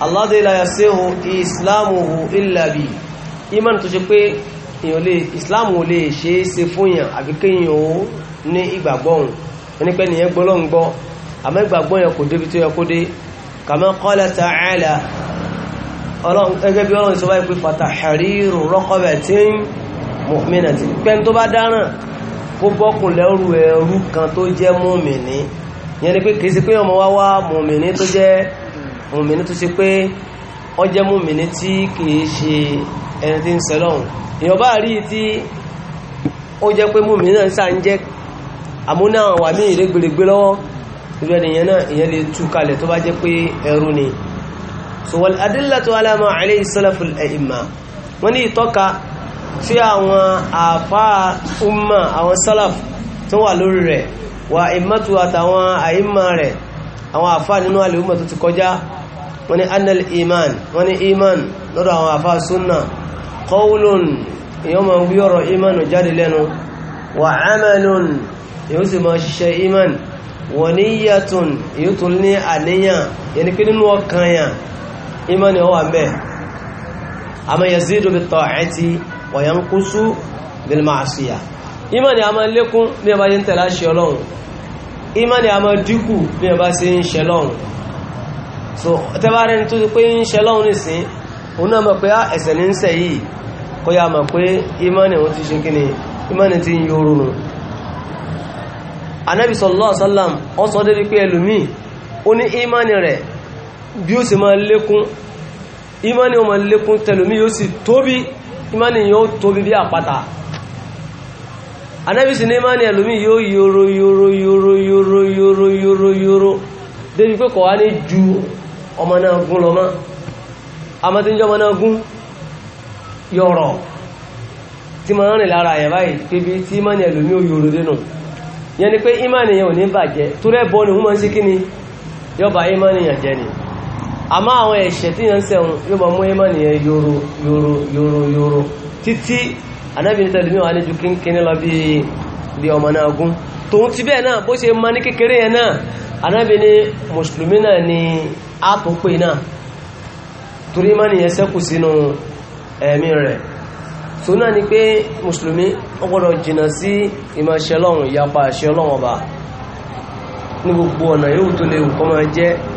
alladhi la yasihu islamuhu illa bi iman tó ṣe pé islamu ò lè ṣe é ṣe fún yàn àbí kéèyàn ó ní ìgbàgbọ́ òun ẹni pé nìyẹn gbọ́ lọ́n gbọ́ àmọ́ ìgbàgbọ́ yẹn kò débi tó yẹ kó bọ́kùn lẹ́rù ẹrú kan tó jẹ́ mùmìnì yẹn ni pé kìí sí pé ọmọ wá wá mùmìnì tó jẹ́ mùmìnì tó ṣe pé ó jẹ́ mùmìnì tí kìí ṣe ẹni tí ń sẹlọ́hùn èèyàn bá rí tí ó jẹ́ pé mùmìnì náà sá ń jẹ́ àmúná wà ní ìrégbèrègbè lọ́wọ́ irú ẹnìyàn náà ìyẹn lè tú kalẹ̀ tó bá jẹ́ pé ẹrú ni so wal adillatu ala ma alayhi salaful a'imma wọ́n ní ìtọ́ka tí àwọn àfá umma àwọn salaf tó wà lórí rẹ̀ wà ìmọ́tù àtàwọn àìmọ́ rẹ̀ àwọn àfá nínú àlèúmọ̀ tó ti kọjá wọ́n ní annal iman wọ́n ní iman lọ́dọ̀ àwọn àfá súnnà qawlun èyàn ma ń wí ọ̀rọ̀ wọ̀yánkúsú bilmaṣíyà ìmánì a máa lékún bí ẹba yí ń tẹ̀lá ṣe ọlọ́run ìmánì a máa dínkù bí ẹba sí ń ṣe lọ́run so tẹ́bá rẹni tó ti pé ń ṣe lọ́run nìsín òun náà mọ̀ pé ah, ẹ̀ṣẹ̀ ní ń ṣẹ̀ yìí kó yá mọ̀ pé ìmánì òun ti ṣe kí ni ìmánì ti ń yoro nù anábì sallallahu alaihi wasallam débi pé ẹlòmíì ó ní ìmánì rẹ̀ bí ó sì máa lékún ìmánì ó máa lékún tẹlòmíì ó sì tóbi ìmánì yóò tóbi bí àpáta anábìsì ní ìmánì ẹlòmí yóò yóró yóró yóró yóró yóró yóró yóró débi pé kọ̀ wá ní ju ọmọ náà gún lọ mọ́ amọ́tíjọ́ ọmọ náà gún yọ̀rọ̀ tí ma ń rìn lára àyàn báyìí pébi tí ìmánì ẹlòmí ò yóró dénú yẹn ni pé ìmánì yẹn ò ní bàjẹ́ tó rẹ́ bọ́ ni wọ́n máa ń ṣe kí ni yọba ìmánì yẹn jẹ́ ni. àmọ́ àwọn ẹ̀ṣẹ̀ tí yẹn ń sẹ́wọ̀n yóò máa mú ẹmọ́ nìyẹn yóró yóró yóró yóró títí anábìnrin tẹ̀lé mi wà ní ju kínkínní lọ bí bí ọmọ náà gún ti bẹ́ẹ̀ náà bó ṣe máa ní kékeré yẹn náà anábìnrin mùsùlùmí ni àtúnpè náà torí ẹmọ́ nìyẹn sẹ́kù sínú ẹ̀mí rẹ̀ tó náà ni pé mùsùlùmí gbọ́dọ̀ sí ìyapa ọba ní gbogbo ọ̀nà yóò tó kọ́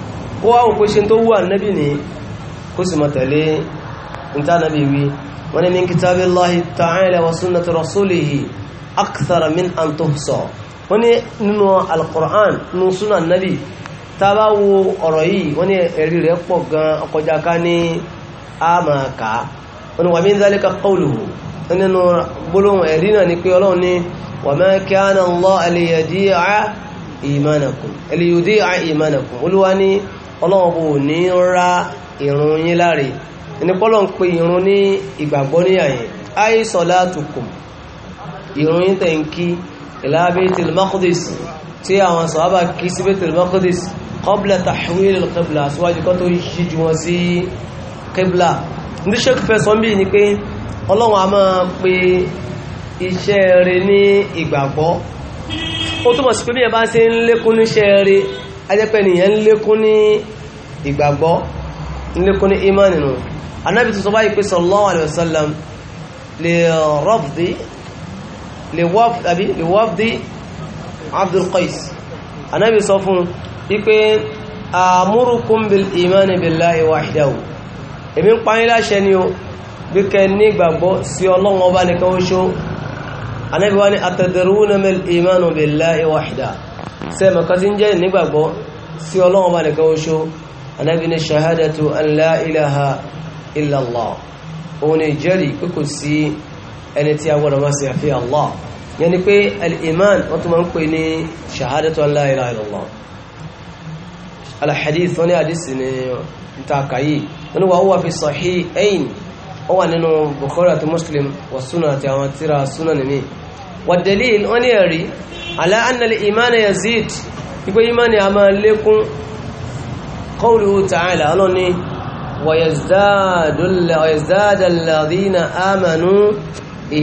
kó wá wò pé ṣe tó wú ànábì ní kó sì mọ̀ tẹ̀lé níta ànábì wí wọ́n ní min kitabillahi ta'ala wa sunnati rasulihi akthara min an tuhsa wọ́n ní nínú alquran nínú súnà ànábì tá a yìí wọ́n ní ẹ̀rí rẹ̀ pọ̀ wọ́n ní wa min nínú gbólóhùn ẹ̀rí náà ọlọ́ọ̀bù ní ra ìrun yín láre ìnípọ́lọ̀ ń pe ìrun ní ìgbàgbọ́ ní àyè àìsọ̀lá tukùn ìrun yín tẹ̀ ń kí tilmakudis tí àwọn sọ̀hábà kí sí bí tilmakudis kọ́bla tahwil al-qibla síwájú kọ́ tó yí ju wọn sí qibla ní sẹ́kù fẹ́ ni pé ọlọ́run a máa pe ajẹ́pẹ́ nìyẹn ń lékún ní ìgbàgbọ́ ń lékún ní imani nù anábì tuntun báyìí pé sallallahu alayhi wa sallam lè rọ́bdì lè wọ́bdì Abdul Qais anábì sọ fún wípé amurukum bil imani billahi wahdahu èmi ń pa láṣẹ ni o bí kẹ ní ìgbàgbọ́ sí ọlọ́run ọba nìkan ó ṣó anábì wá ní atadruna mal imanu billahi wahdahu sẹ́mọ̀ kan tí ń jẹ́ nígbàgbọ́ sí ọlọ́run bá nìkan oṣù anábì ní ṣahadatu an la ilaha illallah òun ni ìjẹ́rìí pé kò sí ẹni tí a gbọ́dọ̀ máa ṣe àfi Allah yẹn ni pé al-iman wọ́n tún máa ń pè ní ṣahadatu an la wàdẹ̀lìl wọ́n ní ẹ̀rí ala anna al-imana yazid ipé imani a máa lékún qawluhu ta'ala ọlọ́ni wa yazdadu alladhina amanu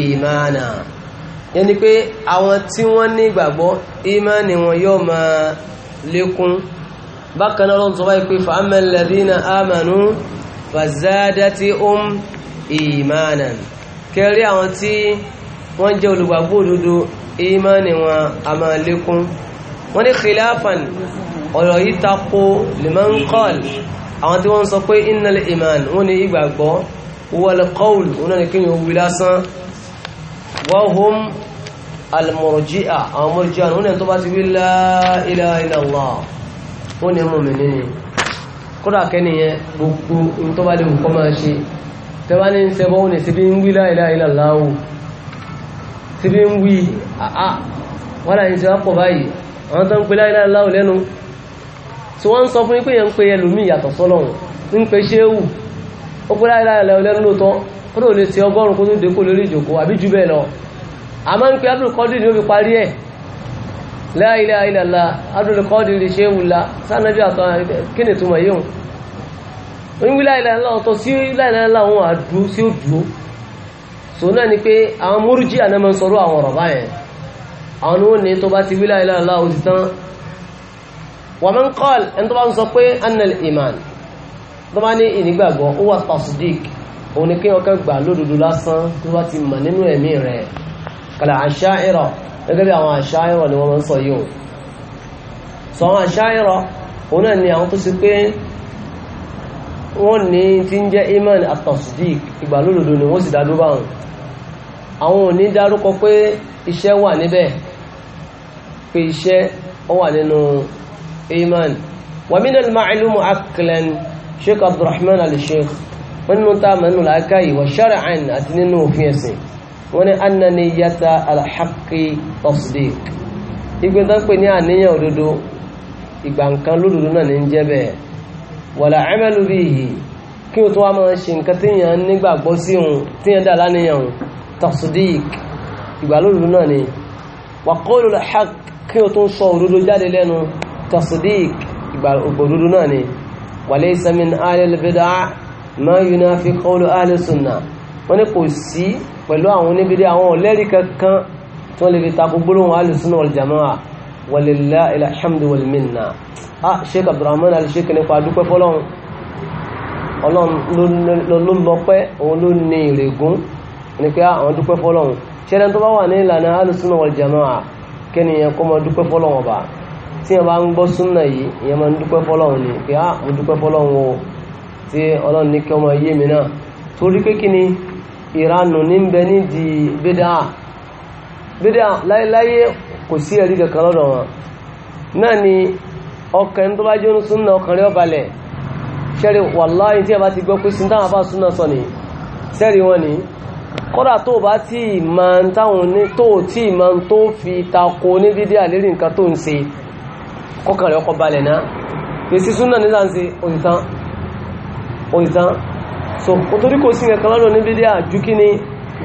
imana yẹn ni pé àwọn tí wọ́n ní ìgbàgbọ́ imani wọn yóò máa lékún bákan náà lọ́n tó báyìí pé fa amma alladhina amanu kẹrí àwọn tí wọ́n jẹ́ olùgbàgbọ́ òdodo ìmánì wọn a máa lékún wọ́n ní khilafan ọ̀rọ̀ yìí tako liman qal àwọn tí wọ́n sọ pé innal iman wọ́n ní ìgbàgbọ́ wal qawl wọ́n ní kí wọ́n wí lásán wa hum àwọn murji'a wọ́n ní tó bá ti wí la ilaha illallah wọ́n ni kódà kẹ́niyẹn tí bí ń wí àá wọ́n láyé tí wọ́n pọ̀ báyìí àwọn tó ń pe láyé láyé láwò lẹ́nu tí wọ́n ń sọ fún yín pé yẹn ń pe ẹlòmíì yàtọ̀ sọ́lọ́run ń pe ṣéwù ó pe láyé láyé láwò lẹ́nu lóòótọ́ kó ló lè ṣe ọgọ́rùn kó tó dé kó lórí ìjòkó àbí jù bẹ́ẹ̀ lọ àmọ́ ń pe Abdul Qadir ni ó fi parí ẹ̀ la ilaha illallah Abdul Qadir ṣéwù la sànàbí àtọ́ kí ni ìtumọ̀ yìí òun ń wí láyé láyé láwò tó sí láyé láyé láwò àdúró sí òdúró so náà ni pé àwọn múrùjí ànámọ́ sọ̀rọ̀ àwọn ọ̀rọ̀ báyẹn àwọn ni wọ́n ní tó bá ti wí láìlá àlá ó ti tán wà mọ́ ń kọ́ọ̀l ẹni tó bá ń sọ pé annal iman tó bá ní ìnígbàgbọ́ ó wà tasdik òun ni kí wọ́n kẹ́ gbà lódodo lásán tó bá ti mọ̀ nínú ẹ̀mí rẹ̀ kàlà àṣà ìrọ̀ gẹ́gẹ́ bí àwọn àṣà ìrọ̀ ni wọ́n máa sọ yìí o sọ àwọn àṣà ìrọ̀ òun náà ni àwọn tó ṣe pé wọ́n ní ti ń jẹ́ iman àtọ̀sídìk ìgbàlódodo ni wọ́n sì dá dúró báwọn àwọn ò ní dárúkọ pé iṣẹ́ wà níbẹ̀ pé iṣẹ́ ó wà nínú iman wa min al-ma'lum aklan sheikh abdulrahman al-sheikh wọn nínú tá a mọ̀ nínú làákàyè wa shar'an àti nínú òfin ẹ̀sìn wọn ni anna niyyata al-haqqi tasdiq tó ń pè ní àníyàn òdodo ìgbà nǹkan lódodo náà ní ń jẹ́ bẹ́ẹ̀ wala amalu bihi kí o tó wá máa ṣe nǹkan tí nígbàgbọ́ sí òun tí dà láníyàn òun tasudik ìgbàlódò náà ni wa qawlul haqq kí o tún sọ òdodo jáde lẹ́nu tasudik ìgbàlódò náà ni wa laysa min ahlil bid'ah ma yunafi qawlu ahlis sunnah wọ́n ní kò sí pẹ̀lú àwọn oníbìdí àwọn ọ̀lẹ́rí kankan tí wọ́n lè fi takò gbólóhùn ahlis sunnah wal jama'a walillahi alhamdu wal minna a ah, sheik abdulrahman al-sheik nípa dúpẹ́ fọlọ́run ọlọ́run ló lọ́pẹ́ òun ló ní ìrègùn ní pé ah, àwọn dúpẹ́ fọ́lọ́hun ṣẹlẹ̀ tó bá wà ní ìlànà alùsùnà wal jamaa kẹ́ni yẹn kọ́ mọ dúpẹ́ fọ́lọ́hun ọba tí yẹn bá ń gbọ́ súnà yìí ìyẹn máa ń dúpẹ́ fọ́lọ́hun ni pé ah mo dúpẹ́ o tí ọlọ́run ní kí ọmọ yé mi náà torí pé kí ni ìranù ní bẹ nídìí bídà bídà láéláé kò sí ẹ̀rí kankan lọ́dọ̀ wọn náà ni ọkàn tó bá jẹ́ oní súnà ọkàn rẹ̀ ọbalẹ̀ ṣẹ́rí wàláhì tí yẹn bá ti gbọ́ pé sí táwọn súnà sọ ni ṣẹ́rí wọn ni kódà tó bá tí ìmọ̀ táwọn ní tó tí ìmọ̀ tó fi tako ní dídí àlérí nǹkan tó ń ṣe kọkànlẹ̀ ọkọ̀ balẹ̀ náà pè sí súnà ní sáǹsì òtítán òtítán so kò torí kò sí nǹkan lọ́dọ̀ ní dídí àjú kí ni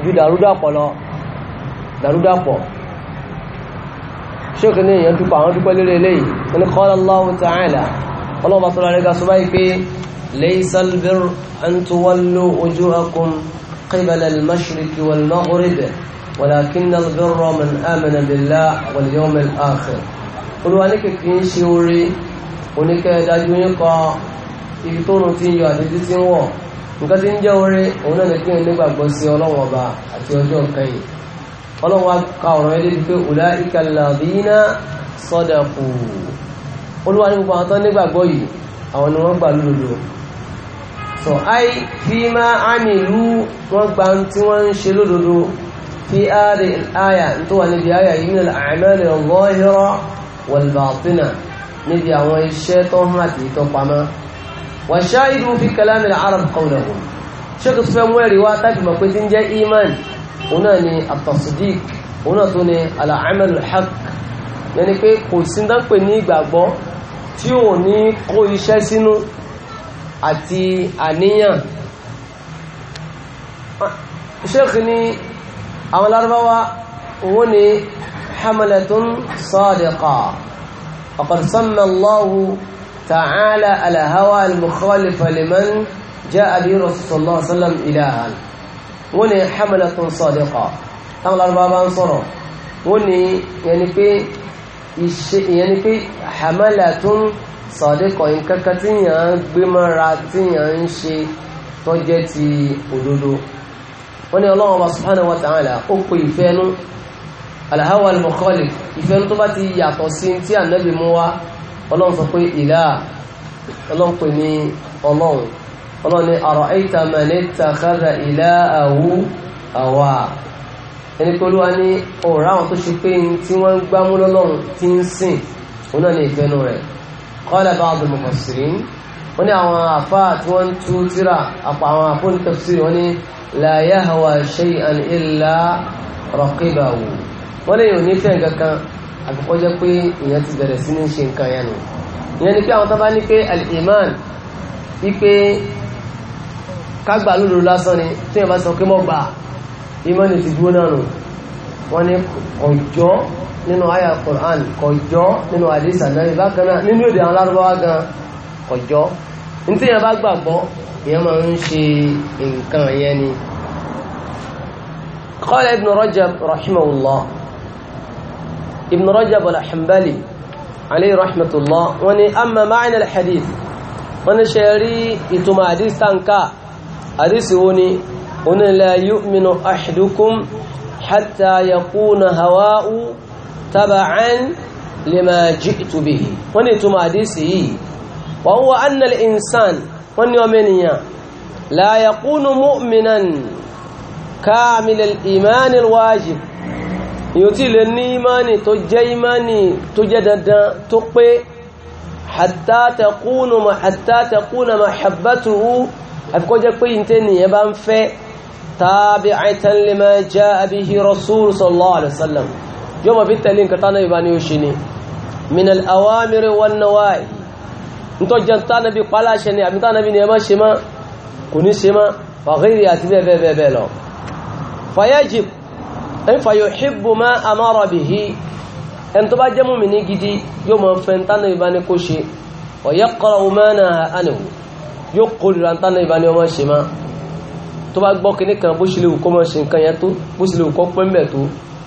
ju dàrúdàpọ̀ lọ dàrúdàpọ̀ ṣé kìíní èèyàn dúpọ̀ àwọn dúpẹ́ lórí eléyìí wọn ni qala Allahu ta'ala ọlọ́ọ̀bá sọ́lá rẹ̀ ga sọ báyìí pé laysal birr an tuwallu wujuhakum قبل المشرق والمغرب ولكن البر من آمن بالله واليوم الآخر قلوا أنك كين شوري أنك داجوني قا يكتون تين يو أتدي تين وو nǹkan tí ń jẹ́ orí òun náà nìkan nígbàgbọ́ sí ọlọ́run ọba àti ọjọ́ kẹyìn ọlọ́run wa ka ọ̀rọ̀ yẹn débi pé ọ̀là ìkàlàdínà sọ́dà kù olúwa ní gbogbo àwọn tán nígbàgbọ́ yìí àwọn ni wọ́n gbà lódodo so ai fi máa àmìlú wọ́n gba tí wọ́n ń ṣe lódodo fi ààrẹ àyà tó wà níbi àyà yìí nílò àmàlẹ̀ ọgọ́hìrọ̀ wàlbàtínà níbi àwọn iṣẹ́ tó hàn àti tó pamọ́ wà ṣáàìdù fi kalami arab qawluhum ṣékù tó fẹ́ mú ẹ̀rí wá tàbí mọ̀ pé tí ń jẹ́ iman òun náà ni at òun náà tó ni al-amalu yẹni pé kò sí dánpẹ̀ ní ìgbàgbọ́ tí ò ní kó iṣẹ́ sínú àti àníyàn ṣéèkì ní àwọn larabawa wọ́n ni hamalatun sadiqa وقد سمى الله تعالى الهوى المخالف لمن جاء به رسول صلى الله عليه وسلم إلها wọ́n ni hamalatun sadiqa táwọn larabawa ń sọ̀rọ̀ wọ́n ni yẹni pé hamalatun sadiqa sọ̀dẹ́kọ̀ nkankan tí yàn ń gbé mọ́ra tí yàn ń ṣe tọ́jẹ́ ti òdodo wọ́n ní Ọlọ́hun wa subhanahu wa ta'ala ó pe ìfẹ́nu alhawa al-mukhalif ìfẹ́nu tó bá ti yàtọ̀ sí tí ànábì mú wá Ọlọ́hun sọ pé ìlà Ọlọ́hun pè ní Ọlọ́hun Ọlọ́hun ní ara'ayta man ittakhadha ilahahu hawa ẹni pé olúwa ní ọ̀rọ̀ àwọn tó ṣe pé tí wọ́n ń ti ń sìn òun náà ní ìfẹ́nu rẹ̀ qala ba'd al-mufassirin wọ́n ní àwọn àfá tí wọ́n tú tíra àpá àwọn àfún tafsir wọ́n ní la yahwa shay'an illa raqibahu wọ́n lè yóò ní fẹ́ kankan àkọ́kọ́ jẹ́ pé ìyẹn ti bẹ̀rẹ̀ sí ní ṣe nǹkan yẹn nù ìyẹn ni pé àwọn tó bá ní pé al-iman wípé kágbà lódò lásán ni tí wọ́n bá sọ pé mọ́ gbà ìmọ̀ ni ti dúró náà nù wọ́n ní ọjọ́ nínú àyà Qur'an kọjọ́ nínú àdísà náà ìbákanáà nínú èdè àwọn alárúbáwá gan kọjọ́ ntí yẹn bá gbàgbọ́ yẹn máa ń ṣe nǹkan yẹn ni. qala ibn rajab rahimahullah ibn rajab al-hanbali alayhi rahmatullah wọ́n ní amma ma'na al-hadith wọ́n ní ṣe rí ìtumọ̀ àdísà nǹka àdísì wo ni wọ́n ní la yu'minu ahadukum hatta yakuna hawa'u tabacan lima jitu bihi wọ́n ní ìtumọ̀ àdísì yìí wọ́n wọ́n annal insan wọ́n ní ọmọ ènìyàn la yakunu mu'minan kamilal imani wajib yóò tí lè ní imani tó jẹ́ imani tó jẹ́ dandan tó pé hatta takunu ma hatta takuna mahabbatuhu àfikọ́ jẹ́ pé yìí tẹ́niyàn bá ń tabi'atan lima ja'a bihi rasul sallallahu alaihi wasallam yóò mọ̀ fi tẹ̀lé nǹkan tánàbí bá ní ó ṣe ni minal awamiri wan nawahi nítọ́ jẹ́ tánàbí paláṣẹ ni àbí tánàbí ni ẹ má ṣe má kò ní ṣe má wàhírí àti bẹ́ẹ̀bẹ́ẹ̀ lọ fayajib ẹn fayuhibbu ma amara bihi ẹn tó bá jẹ́ mú mi ní gidi yóò mọ̀ fẹ́ tánàbí bá ní kó ṣe wa yaqra'u ma naha anhu yóò kórìíra tánàbí bá ní ọmọ ṣe má tó bá gbọ́ kíní kan bó ṣe lè wù kó mọ̀ ṣe nǹkan yẹn tó bó ṣe lè wù kó pẹ́ mbẹ̀ tó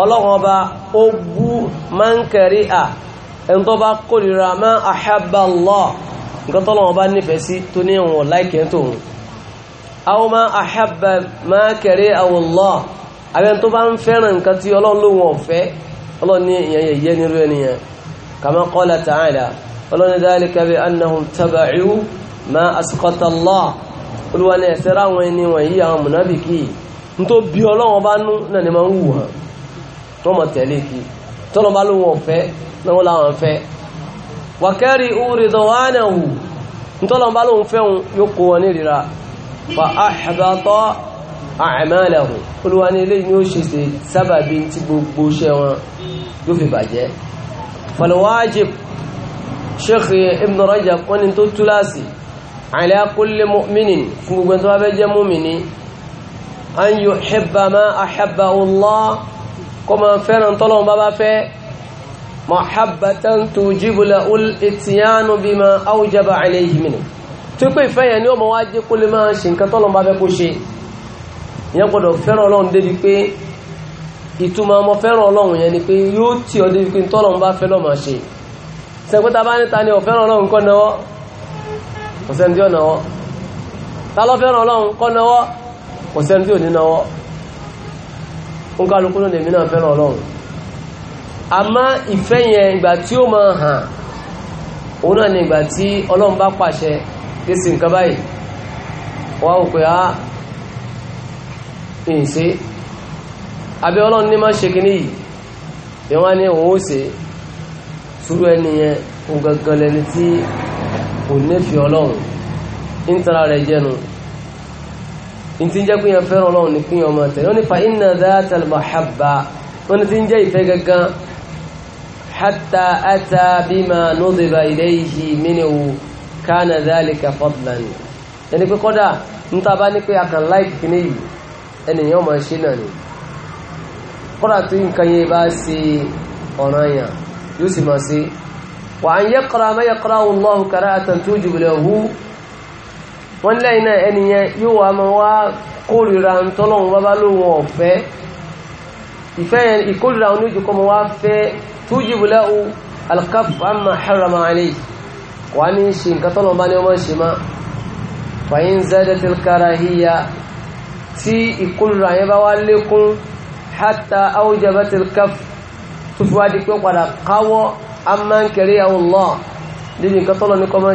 ọlọ́run ọba ó bú man kariha ẹni tó bá kórìíra ma ahabba Allah nǹkan tọ́lọ́run ọba nífẹ̀ẹ́ sí tó ní ìwọ̀n láìkẹ́ tóun aw ma ahabba ma kariha Allah abẹ́ni tó bá ń fẹ́ràn nǹkan tí ọlọ́run ló wọ̀n fẹ́ ọlọ́run ní ìyẹn yẹ yẹ nírú ẹni yẹn kama qala ta'ala ọlọ́run bí ọlọ́run ọba nú náà ni máa ń wù hàn tó mọ̀ tẹ̀lé kí tọ́nà bá ló wọn fẹ́ náà wọ́n láwọn fẹ́ wàkẹ́rì orídọ̀ wánàwù tọ́nà bá ló ń fẹ́ wọn yóò kó wọn nírira fa àhàbàtọ́ àmàlẹ̀hù olúwa ní ilé ni ó ṣe ṣe sábàbí tí gbogbo iṣẹ́ wọn yóò fi bàjẹ́ falwajib sheikh ibn rajab tó túláàsì ala kulli mu'minin fún gbogbo tó wá fẹ́ jẹ́ mu'mini an yuhibba ma ahabba Allah kó máa fẹ́ràn tọ́lọ́run bá bá fẹ́ mahabbatan tujibu lahu al-ityanu bima awjaba alayhi minhu tó pé ìfẹ́ yẹn ni ó máa wá jẹ́ kó lè máa ṣe nǹkan tọ́lọ́run bá fẹ́ kó ṣe ìyẹn gbọ́dọ̀ fẹ́ràn ọlọ́run débi pé ìtumọ̀ ọmọ fẹ́ràn ọlọ́run yẹn ni pé yóò tì ọ́ débi pé tọ́lọ́run ó kálukú ló lèmi náà fẹ́ràn ọlọ́run àmọ́ ìfẹ́ yẹn ìgbà tí ó máa hàn òun náà ni ìgbà tí ọlọ́run bá pàṣẹ kéṣì nǹkan báyìí wọ́n wò pé á ń ṣe àbí ọlọ́run ní máa ṣe kíní yìí ìwọ́n ní òun ó ṣe ẹni yẹn òun gangan ní tí ń jẹ́ pínyàn fẹ́ràn ọlọ́run ní pínyàn ọmọ tẹ̀lé ó ní fa inna dhatal mahabba ó ní tí ń jẹ́ ìfẹ́ gangan hatta ata bima nudiba ilayhi minhu kana dhalika fadlan ẹni pé kọ́dà ń ta bá ní pé a kàn láì kíní yìí ẹnìyàn ọmọ ṣe náà ni kọ́dà tí nǹkan yẹn bá ṣe ọ̀ràn yàn yóò sì mọ̀ sí wà á yẹ kọ́ra mẹ́yẹ kọ́ra Allahu karahatan tujibu lahu wọ́n lẹ́yìn náà ẹniyẹn yóò wá mọ́ wá kórìíra ń tọ́lọ́run bábá lóhun ọ̀fẹ́ ìfẹ́ yẹn ìkórìíra ń lójú kọ́ mọ́ wá fẹ́ tó jìbìlẹ̀ o alkaf amma harama alayhi wà ní ṣe nǹkan tọ́lọ́run bá ní ọmọ ṣe má fàyín zadatil karahiya tí ìkórìíra yẹn bá wá lékún hatta awjabatil kaf tó fi wá di pé padà káwọ́ amma kariya Allah níbi nǹkan tọ́lọ́run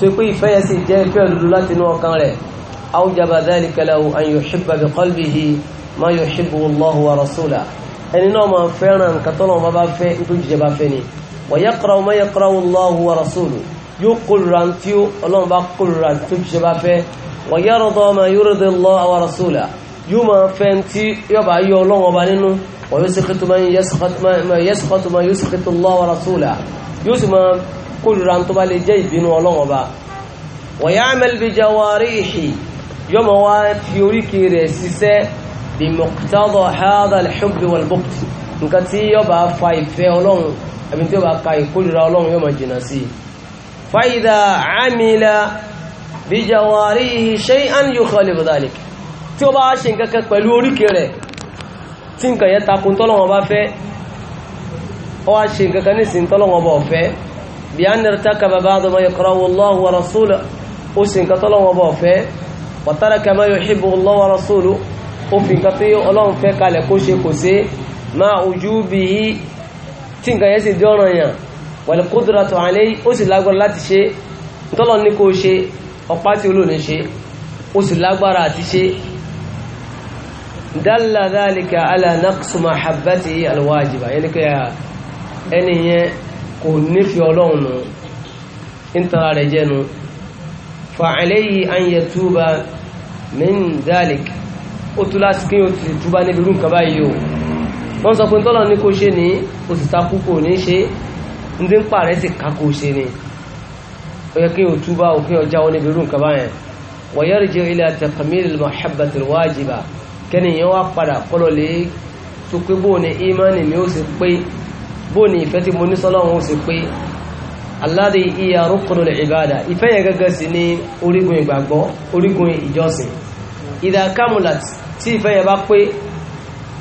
tó pé ìfẹ́ yẹn sì jẹ́ ìfẹ́ òdodo láti inú ọkàn rẹ̀ awjaba dhalika lahu an yuhibba bi qalbihi ma yuhibbu Allahu wa rasulahu ẹni náà máa fẹ́ràn nǹkan tó lọ́wọ́ bá fẹ́ nítorí jíjẹ bá fẹ́ ni wa yaqra'u ma yaqra'u Allahu wa rasuluhu yóò kórìíra tí ọlọ́run bá kórìíra tó jíjẹ bá fẹ́ wa yarda ma yurdi Allahu wa rasulahu yóò máa fẹ́ tí yóò yọ ọlọ́wọ́ kórìíra tó bá lè jẹ́ ìbínú ọlọ́run ọba wa ya'mal bi jawarihi yóò mọ̀ wá fi oríkì rẹ̀ ṣiṣẹ́ bi muqtada hadha al-hubb wal-bughd nǹkan tí yóò bá fa ìfẹ́ ọlọ́run ẹ̀mí tí yóò bá ka ìkórìíra ọlọ́run yóò mọ̀ jìnnà sí i. fa idha 'amila bi jawarihi shay'an yukhalifu dhalik tí ṣe nǹkan kan pẹ̀lú oríkì rẹ̀ tí fẹ́ bí a nìrì taka bàbá àdọ́mọ yẹ kọ́ra wọlọ́hu wa rasúlù ó sì nǹkan tó lọ́wọ́ bọ̀ fẹ́ wàtàrà kẹmẹ́ yóò ṣíbù wọlọ́hu wa rasúlù ó fi nǹkan tó yẹ ọlọ́run fẹ́ kalẹ̀ kó ṣe kò sí máa ojú bí i tí nǹkan yẹn sì dé ọ̀ràn yàn wàlẹ̀ kódùrà tó àlẹ́ ó sì lágbára láti ṣe ntọ́lọ́ ní kó ṣe ọ̀pá tí olóòní ṣe ó sì lágbára àti ṣe dalla dhalika ala naqsu mahabbati alwajiba yẹn ni kẹ́ ẹni yẹn kò nífẹ̀ẹ́ ọlọ́run nù ń tara rẹ̀ jẹ́nu fa'alayhi an yatuba min dhalik ó tú láti kí o ti túbá níbi irú nǹkan báyìí o wọ́n sọ pé tọ́lọ̀ ní kò ṣe ní o sì takú kò ní ṣe ń dín pààrẹ́ sì ká kò ṣe ní ó yẹ kí o túbá o kí o jáwọ́ níbi irú nǹkan báyẹn wa yarji ila taqmil al-mahabbati al-wajiba kẹ́niyàn wá padà kọ́lọ̀ lè tó pé bóun ní ìmánì mi ó sì pé bó ni ìfẹ́ tí mo ní sọ́lọ́run ó sì pé alladhi iya ruknul ibada ìfẹ́ yẹn gẹ́gẹ́ sí ní orígun ìgbàgbọ́ orígun ìjọsìn idha kamulat tí ìfẹ́ yẹn bá pé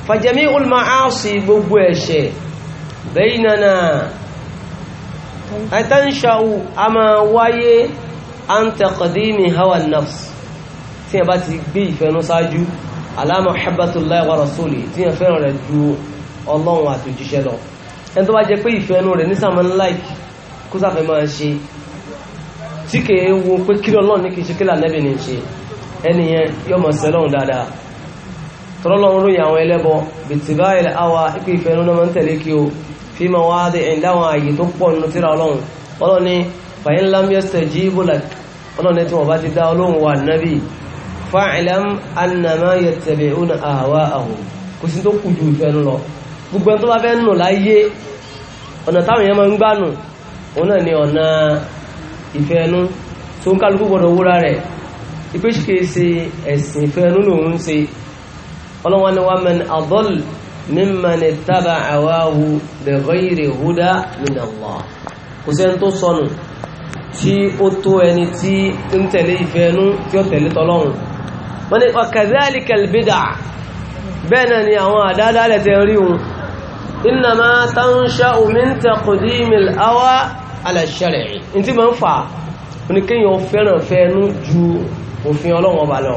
fàjẹ̀mí olùmọ̀áṣì gbogbo ẹ̀ṣẹ̀ bainana àtàǹṣàwù a máa wáyé àǹtẹ̀kọ̀dínì hawa nafs tí yẹn bá ti gbé ìfẹ́nu lọ ẹni tó bá jẹ pé ìfẹ́ ẹnu rẹ̀ ní sàmán láìkì kó sáfẹ́ máa ṣe tí kèé wo pé kílọ̀ lọ́n ní kìí ṣe kílà nẹ́bì ní ṣe ẹnìyẹn yọ mọ̀ sẹ́lọ́hùn dáadáa tọ́lọ́lọ́run ròyìn àwọn ẹlẹ́bọ bìtìbá ilẹ̀ àwa ipò ìfẹ́ ẹnu náà máa ń tẹ̀lé kí o fi máa wá dé ẹ̀ńdá àwọn ààyè tó pọ̀ nínú tíra ọlọ́run ọlọ́ni fàyín lámíẹ́sẹ̀ jí bólà ọlọ́ni tí wọ́n bá ti dá ọlọ́run wà nábì fáìlẹ́m annamá yẹtẹ̀lẹ̀ òun àwa àhùn kò sí tó kù ju ìfẹ́ ẹnu lọ gbogbo ẹni tó bá fẹ́ nù láyé ọ̀nà táwọn èèyàn máa ń gbà nù òun náà ni ọ̀nà ìfẹ́ ẹnu tó ń kálukú gbọ́dọ̀ wúra rẹ̀ ipe ṣì kìí ṣe ẹ̀sìn ìfẹ́ ẹnu lòun ń ṣe ọlọ́wọ́n ni wàá mẹ́ni adọ́l mímẹ́ni tábà àwáhu bẹ̀rẹ̀ húdá min Allah kò sẹ́ni tó sọnù tí ó tó ẹni tí ń tẹ̀lé ìfẹ́ ẹnu tí ó tẹ̀lé tọlọ́run wọ́n ni ọ̀kadhalika al bẹ́ẹ̀ náà ni àwọn àdáadáa lẹ́tẹ̀ rí òun innama tansha'u min taqdimil awa ala shar'i ní tí máa ń fà oníkéyàn fẹ́ràn fẹ́nu ju òfin ọlọ́run ọba lọ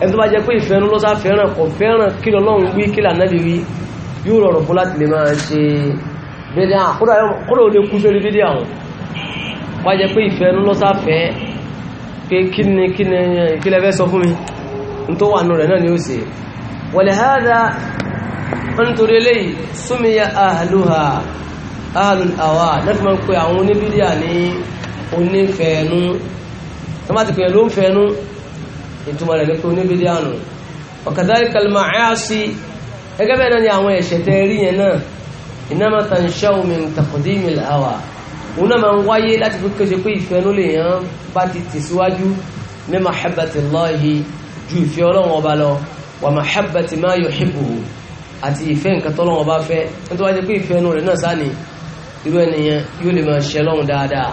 ẹni tó bá jẹ́ pé ìfẹ́nu ló sá fẹ́ràn kò fẹ́ràn kí lọ́lọ́run wí kí lànàbí wí yóò rọrùn fún láti lè máa ṣe bídí àwọn kódà ó lè kú sórí bídí àwọn wá jẹ́ pé ìfẹ́nu ló sá fẹ́ pé kí ni kí lẹ́fẹ́ sọ fún mi ní tó wà nù rẹ̀ náà ni ó ṣe wọ̀lẹ̀ hádà nítorí eléyìí súnmíyà ahàlúhà ahàlùláwà lẹ́fí máa ń pe àwọn oníbídíà ní onífẹ̀ẹ́nú wọ́n bá ti pè ló ń fẹ́ẹ́nú ìtumọ̀ rẹ̀ ní pé oníbídíà nù ọ̀kadàrí kalmà áàsì gẹ́gẹ́ bẹ́ẹ̀ náà ni àwọn ẹ̀ṣẹ̀ tẹ́ rí yẹn náà iná máa tàn ṣá omi tàkùdí mi làwà òun náà máa wa mahabbati ma yuhibbuhu àti ìfẹ́ nǹkan tọ́lọ́wọ́ bá fẹ́ nítorí wájú pé ìfẹ́ inú rẹ̀ náà sáà ní irú ẹnìyẹn yóò lè máa ṣe lọ́hùn dáadáa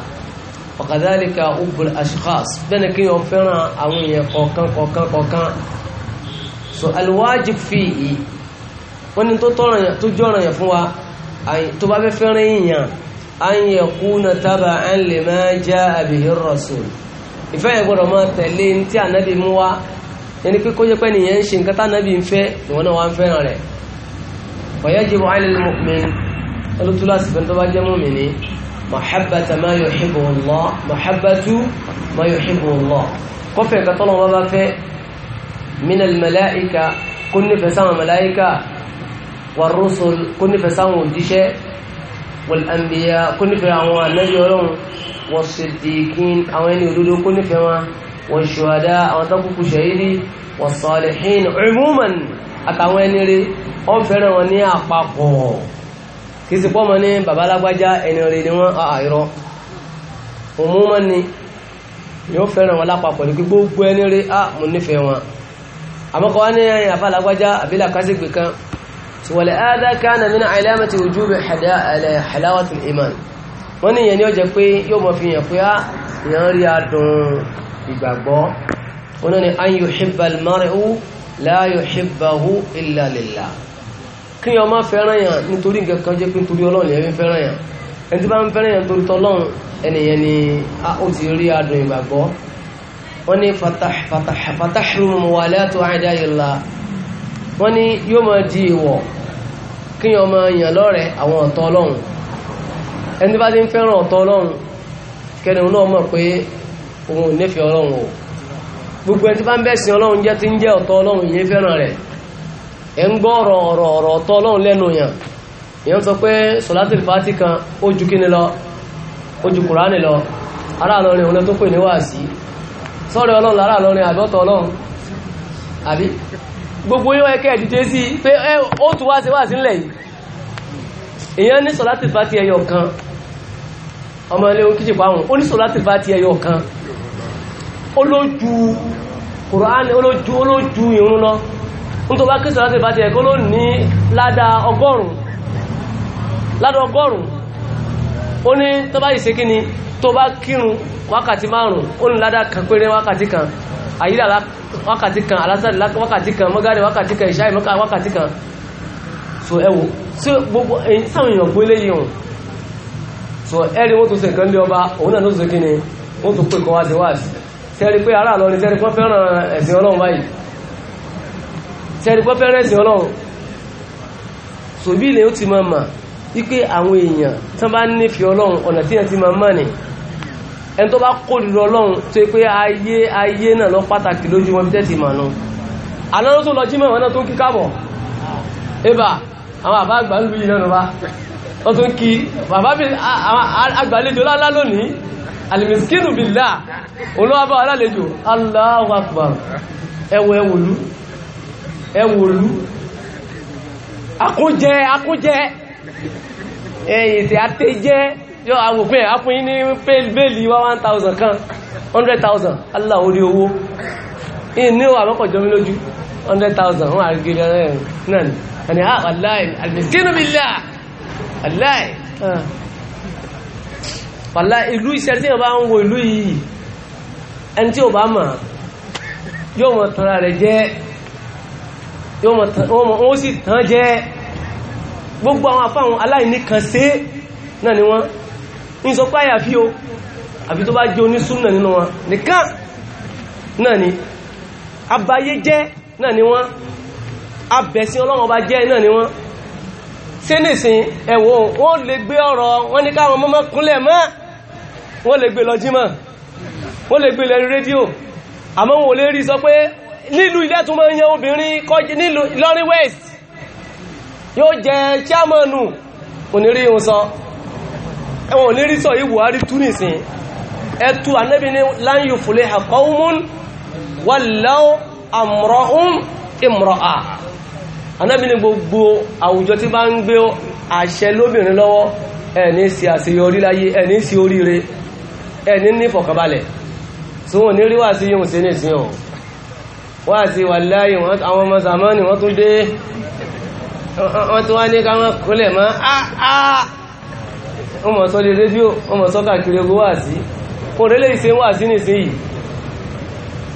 ọ̀kadàlíkà ubul ashkhas bẹ́ẹ̀ kí wọ́n fẹ́ràn àwọn èèyàn kọ̀ọ̀kan kọ̀ọ̀kan kọ̀ọ̀kan so alwajib fi yìí wọ́n ní tó jọ́ràn yẹn fún wa tó bá fẹ́ fẹ́ràn èèyàn an yakuna taba'an lima ja'a bihi rasul ìfẹ́ yẹn gbọ́dọ̀ máa tẹ̀lé ní tí ànábì mú wa ẹni pé jẹ́ pé nìyẹn ń ṣe nǹkan tá ń fẹ́ ìwọ náà wá ń fẹ́ràn rẹ̀ ويجب على المؤمن الثلاث فانتبه المؤمن محبة ما يحبه الله محبة ما يحبه الله كفي كطلع ما في من الملائكة كن فسام ملائكة والرسل كن فسام وديشة والأنبياء كن فسام النبي والصديقين أوين يدودو كن فسام والشهداء أو تكوكو شهيدي والصالحين عموما àtàwọn ẹni rẹ wọ́n fẹ́ràn wọn ní àpapọ̀ kì í sì pọ́ mọ́ ní babalágbájá ẹni rẹ ni wọ́n àìrọ òmùmọ́ ni yóò fẹ́ràn wọn lápapọ̀ ní gbogbo ẹni rẹ á mo nífẹ̀ẹ́ wọn àmọ́kọ́ wọn ní àfàlágbájá àbílà kásìgbè kan wọ̀lẹ̀ ẹ́dá la yuhibbahu illa lillah kí yọ máa fẹ́ràn yàn nítorí nǹkan kan jẹ́ pé nítorí ọlọ́run yẹn fẹ́ràn yàn ẹni tí bá ń fẹ́ràn yàn torí tọ́lọ́run ẹnìyẹn ni a ó ti rí adùn ìgbàgbọ́ wọ́n ní fatahrumu muwalatu a'da'illah wọ́n ní yóò máa di ìwọ̀ kí yọ máa yàn lọ́rẹ̀ àwọn ọ̀tọ̀ ọlọ́run gbogbo ẹni tí bá ń bẹ́sìn ọlọ́run jẹ́ tí ń jẹ́ ọ̀tọ̀ ọlọ́run yìí fẹ́ràn rẹ̀ ẹ̀ ń gbọ́ ọ̀rọ̀ ọ̀rọ̀ ọlọ́run lẹ́nu yàn sọ pé kan ó ju kíni lọ ó ju kùránì lọ ará lọrin òun tó pè ní sọ́rọ̀ ọlọ́run lára lọrin gbogbo yóò ẹkẹ́ sí pé ó tún wá sí yìí ní ẹyọ kan ọmọ ilé pàwọn ó ní olójú kùránì olójú olójú ìrún lọ nítorí bá kí sọ̀rọ̀ bá ti ẹ̀kọ́ ló ní ládà ọgọ́rùn ládà ọgọ́rùn ó ní tó bá ìṣe kíni tó bá kírun wákàtí márùn ó ní ládà kan péré wákàtí kan àyílà wákàtí kan alásàdì wákàtí kan mọ́gàdì wákàtí kan ìṣáì mọ́kà wákàtí kan so ẹwò tí gbogbo èyí táwọn èèyàn gbélé yìí hàn so ẹ̀rí wọ́n tó ṣe nǹkan lé ọba òun náà ló ṣe kíni wọ́n tó pè kọ́ wá sí wá sí sẹ́rí pé ará lọ́rin sẹ́rí pọ́ fẹ́ràn ẹ̀sìn ọlọ́run báyìí sẹ́rí pọ́ fẹ́ràn ẹ̀sìn ọlọ́run sòbí ilẹ̀ ó ti máa mà wípé àwọn èèyàn tó bá nífẹ̀ẹ́ ọlọ́run ọ̀nà tí yẹn ti máa mà ní ẹni tó bá kórìíra ọlọ́run tó yẹ pé ayé ayé náà lọ pàtàkì lójú wọn tẹ́tì mà nù aláwọ̀ tó lọ jí mẹ́wọ̀n náà tó ń kí káàbọ̀ ébà àwọn àbá àgbà ń lu yìí náà nù bá wọ́n tó ń kí bàbá àgbàlejò lálá lónìí alimiskinu billah olówábá alálejò Allahu Akbar ẹwọ ẹwòlú ẹwòlú akójẹ akójẹ èyí àtẹjẹ yọ àwòpẹ́ àpín ní bẹ́ẹ̀lì wá 1000 kan 100,000 Allah orí owó ní wà mọ́kànjọ́ mi lójú 100,000 wọ́n àrígìrì ẹ̀rẹ́ náà ni àwàláì ah, alìmìskínú billah aláì wàlá ìlú iṣẹ́ tí wọ́n bá ń wo ìlú yìí ẹni tí ò bá mà yóò mọ̀ tọ́ra rẹ̀ jẹ́ yóò mọ̀ ó sì tán jẹ́ gbogbo àwọn afáwọn aláìníkan sí náà ni wọ́n ń sọ pé àyàfi o àfi tó bá jẹ́ onísúnnà nínú wọn nìkan náà ni abayé jẹ́ náà ni wọ́n abẹ̀sìn ọlọ́run ọba jẹ́ náà ni wọ́n sí nìsín ẹ̀wọ̀n wọ́n lè gbé ọ̀rọ̀ wọ́n ní káwọn mọ́mọ́ kúnlẹ̀ mọ́ wọ́n lè gbé lọ jímọ̀ wọ́n lè gbé lẹ́nu rédíò àmọ́ wọ́n lè rí sọ pé nílùú ilẹ̀ tó máa ń yan obìnrin kọjí nílùú Ìlọrin west yóò jẹ chairmanu onírí ohun sọ ẹwọ̀n onírí sọ yí buhari tú nìsín ẹtù anábì ní lan yufliha qawmun wallaw amrahum imra'a anábì ní gbogbo àwùjọ tí bá ń gbé àṣẹ lóbìnrin lọ́wọ́ ẹ̀ ní sí àṣeyọrí láyé ẹ̀ ní sí oríire ẹni ní fọ̀kànbalẹ̀ tí wọ́n ní rí wà sí yíò sí nìsín ọ̀ wà sí wà láyé àwọn ọmọ sàmánì wọ́n tún dé wọ́n tún wá ní ká kúlẹ̀ mọ́ wọ́n mọ̀ lè rédíò wọ́n mọ̀ káàkiri ogun wà sí òrèlè ìsìn wà sí nìsín yìí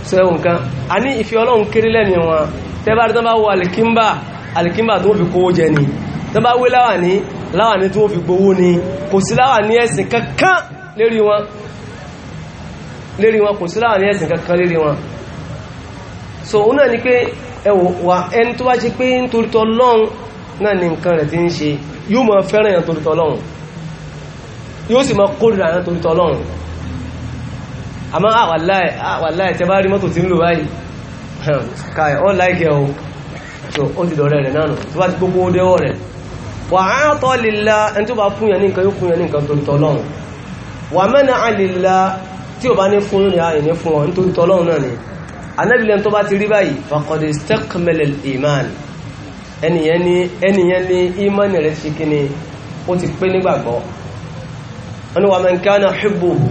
sọ ẹ̀wọ̀n kan a ní ìfẹ́ ọlọ́run kéré lẹ́ni wọn tẹ́bá rí tán bá wọ alìkímbà alìkímbà tó fi kówó jẹ ni tán bá wé láwà ní láwà ní tó fi gbowó ni kò sí láwà ní ẹ̀sìn kankan lérí wọn lérí wọn kò sí láàrin ẹ̀sìn kankan lérí wọn so òun náà ni pé ẹwọ wà ẹni tó bá ṣe pé nítorí tọ́lọ́run náà ni nǹkan rẹ̀ ti ń ṣe yóò máa fẹ́ràn èèyàn torí tọ́lọ́run yóò sì máa kórìíra èèyàn torí tọ́lọ́run àmọ́ àwàláì àwàláì tẹ bá rí mọ́tò tí ń lò báyìí kai ọ láìkẹ́ o so ó ti tí o bá ní fún ní àìní fún ọ nítorí tọ́lọ́run náà ni anábìlẹ̀ tó bá ti rí báyìí fàkọ̀dé stekmelel iman ẹniyẹn ní ẹniyẹn ní imani rẹ̀ ṣe kí ni ó ti pé nígbàgbọ́ wọn wà mẹ́kánà hibbuhu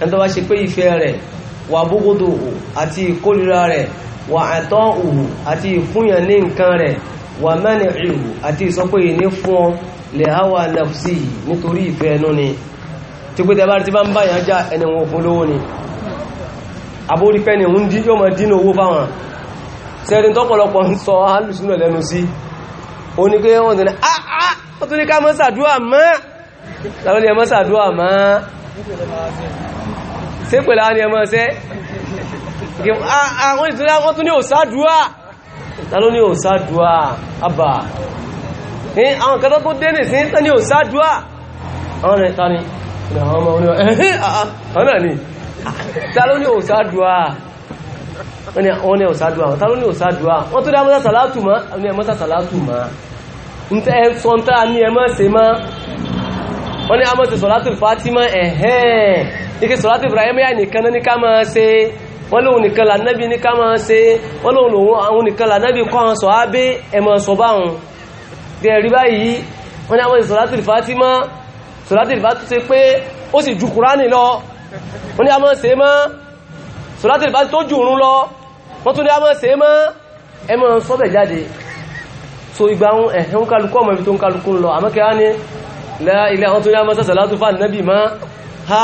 ẹni tó bá ṣe pé ìfẹ́ rẹ̀ wà buguduhu àti ìkórira rẹ̀ wà ata'uhu àti ìfúnyàn ní nǹkan rẹ̀ wà mani'uhu àti ìsọpé ìní fún ọ lè hawa nafsihi nítorí ìfẹ́ ẹnu ni tí pé tẹbárí tí bá ń báyàn já ẹni wọn fún lówó ni abórípẹ́ ni ń dí yóò mọ̀ dínà owó fáwọn sẹ́rin tọ́pọ̀lọpọ̀ ń sọ alùsùnà lẹ́nu sí o ní pé wọ́n tẹ́lẹ̀ àà ah, ah, ó tún ní ká má ṣàdúà mọ́ tàbí ni ẹ má ṣàdúà mọ́ sí pẹ̀lá ni ẹ má sẹ́ ah, wọ́n tún ní ò ṣàdúà tàbí ni ò ṣàdúà àbà àwọn kẹtọ́ tó dé nìsín tàbí ò ṣàdúà àwọn rẹ̀ àwọn ọmọ oníwà ẹ̀hìn ni tàló ní òsádùá wọ́n ní òsádùá tàló ní òsádùá wọ́n tó dá mọ́sá sàlátù má ní ẹmọ́sá sàlátù má ń tẹ́ ẹ̀sọ́ ń tẹ́ ní ẹmọ́ se má wọ́n ní a mọ́ sí sọ̀látù ẹ̀hẹ́n Ibrahim yá nìkan ní ká máa ṣe wọ́n lóhun nìkan lànàbí ní ká máa ṣe wọ́n lóhun lòun nìkan lànàbí kọ́ àwọn sọ̀látìlì bá tún ṣe pé ó sì ju kùránì lọ wọ́n ní a máa ṣe mọ́ sọ̀látìlì bá tó jù rún lọ wọ́n tún ní a máa ṣe mọ́ ẹ mọ́ sọ́bẹ̀ jáde so ìgbà ẹ̀hún kálukú ọmọ ibi tó ń kálukú lọ àmọ́kẹ́ a máa sàṣàlátù fà nẹ́bì mọ́ ha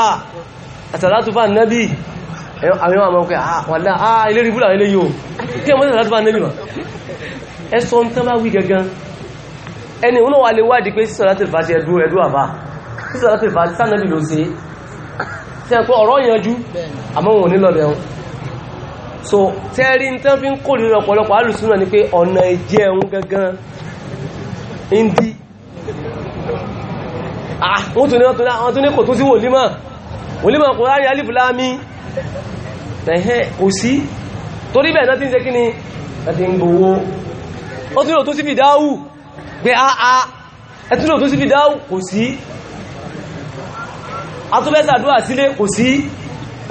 àṣàlátù fà nẹ́bì àwọn àwọn ọkọ̀ wàlá àà ilé ríbúlà ilé yóò kí ẹmọ́ ìsàlátù fà nẹ́bì mọ́ ẹ sọ ń tán bá wí gangan ẹni wọn wà lè wádìí pé sọ̀rọ̀ àti ìfàṣẹ ẹdú ẹdú àbá tí sọ́lá tó ìfàájì sánàbì ló ṣe tí ẹ̀kọ́ ọ̀rọ̀ yanjú àmọ́ wọn ò ní lọ́bẹ̀ wọn so tẹ́rí tí wọ́n fi ń kórè ọ̀pọ̀lọpọ̀ alùsùnà ni pé ọ̀nà ìjẹun gangan ń dí àwọn ah, tó ní kò tó sí wòlímọ̀ wòlímọ̀ kò rárí alìfúlámi ẹ̀hẹ́ kò sí torí bẹ́ẹ̀ náà tí ń ṣe kí ni láti ń gbowó ó tún lò tó sí fìdáwù gbé àá ẹ̀tún lò tó sí fìdáwù kò sí atúbẹ́ sàdúà sílé kò sí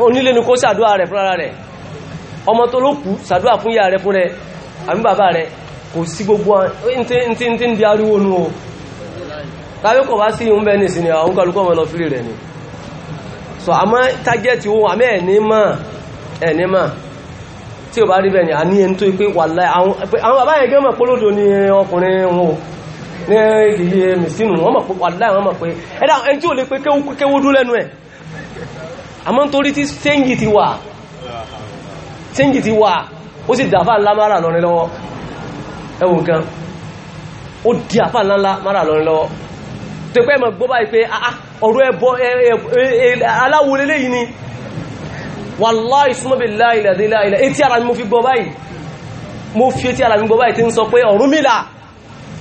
onílé ní kó sàdúà rẹ̀ fúnra rẹ̀ ọmọ tó ló kú sàdúà fún ìyá rẹ̀ fún rẹ̀ àbí bàbá rẹ̀ kò sí gbogbo ntí ń di ariwo nu o tàbí ni so àmọ́ tájẹ́tì ohun àmì ẹ̀ní mọ̀ ẹ̀ní mọ̀ tí ò bá rí bẹ́ẹ̀ ni àní ẹni tó pé ní ìdílé mìsínú wọ́n mọ̀ pé wàlá wọ́n mọ̀ pé ẹ̀dá ẹni tí ò lè pé kéwú dún lẹ́nu ẹ̀ àmọ́ nítorí tí sẹ́ńgì ti wà sẹ́ńgì ti wà ó sì dàfà ńlá mara lọ́rin lọ́wọ́ ẹwù nǹkan ó di àfà ńlá mara lọ́rin lọ́wọ́ tó pẹ́ mọ̀ gbọ́ báyìí pé ah, ah, ọ̀rọ̀ ẹbọ aláwòlélé yìí ni wàláì súnmọ́bì láìlẹ̀ àdíláìlẹ̀ etí ara mi mo fi gbọ́ báyìí mo fi etí ara mi gbọ́ báyìí tí ń sọ pé Ọ̀rúnmìlà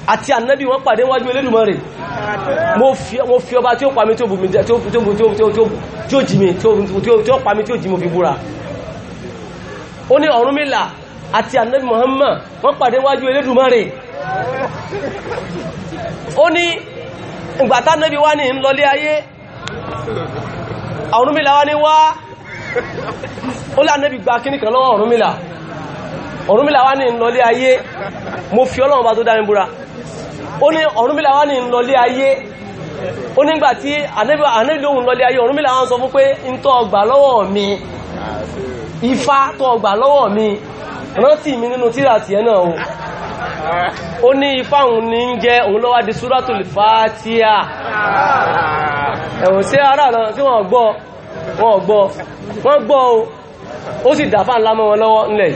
àti ànábì wọ́n pàdé wájú Elédùmarè mo fi ọba tí ó pàmí tí ó bùmí tí ó jìmí tí ó pàmí tí ó jìmí fi búra ó ní Ọ̀rúnmìlà àti ànábì Muhammad wọ́n pàdé wájú Elédùmarè ó ní ìgbàtà ànábì wá ní ńlọlé ayé Ọ̀rúnmìlà wá ní wá ó lá ànábì gba kíníkan lọ́wọ́ Ọ̀rúnmìlà Ọ̀rúnmìlà wá ní ńlọlé ayé mo fi Ọlọ́run bá tó dá mi búra ó ní Ọ̀rúnmìlà wá ní lọlé ayé ó nígbà tí ànẹ́lóhun lọlé ayé Ọ̀rúnmìlà wá ń sọ fún pé ń tọ́ ọgbà lọ́wọ́ mi ifá tọ́ ọgbà lọ́wọ́ mi rántí mi nínú tíra tiẹ̀ náà o ó ní ifá òun ní ń jẹ́ òun lọ́wọ́ di Suratul Fatiha ẹ̀wọ̀n sí ara náà tí wọ́n gbọ́ wọ́n gbọ́ wọ́n gbọ́ o ó sì dàfà ńlá mọ́ wọn lọ́wọ́ ńlẹ̀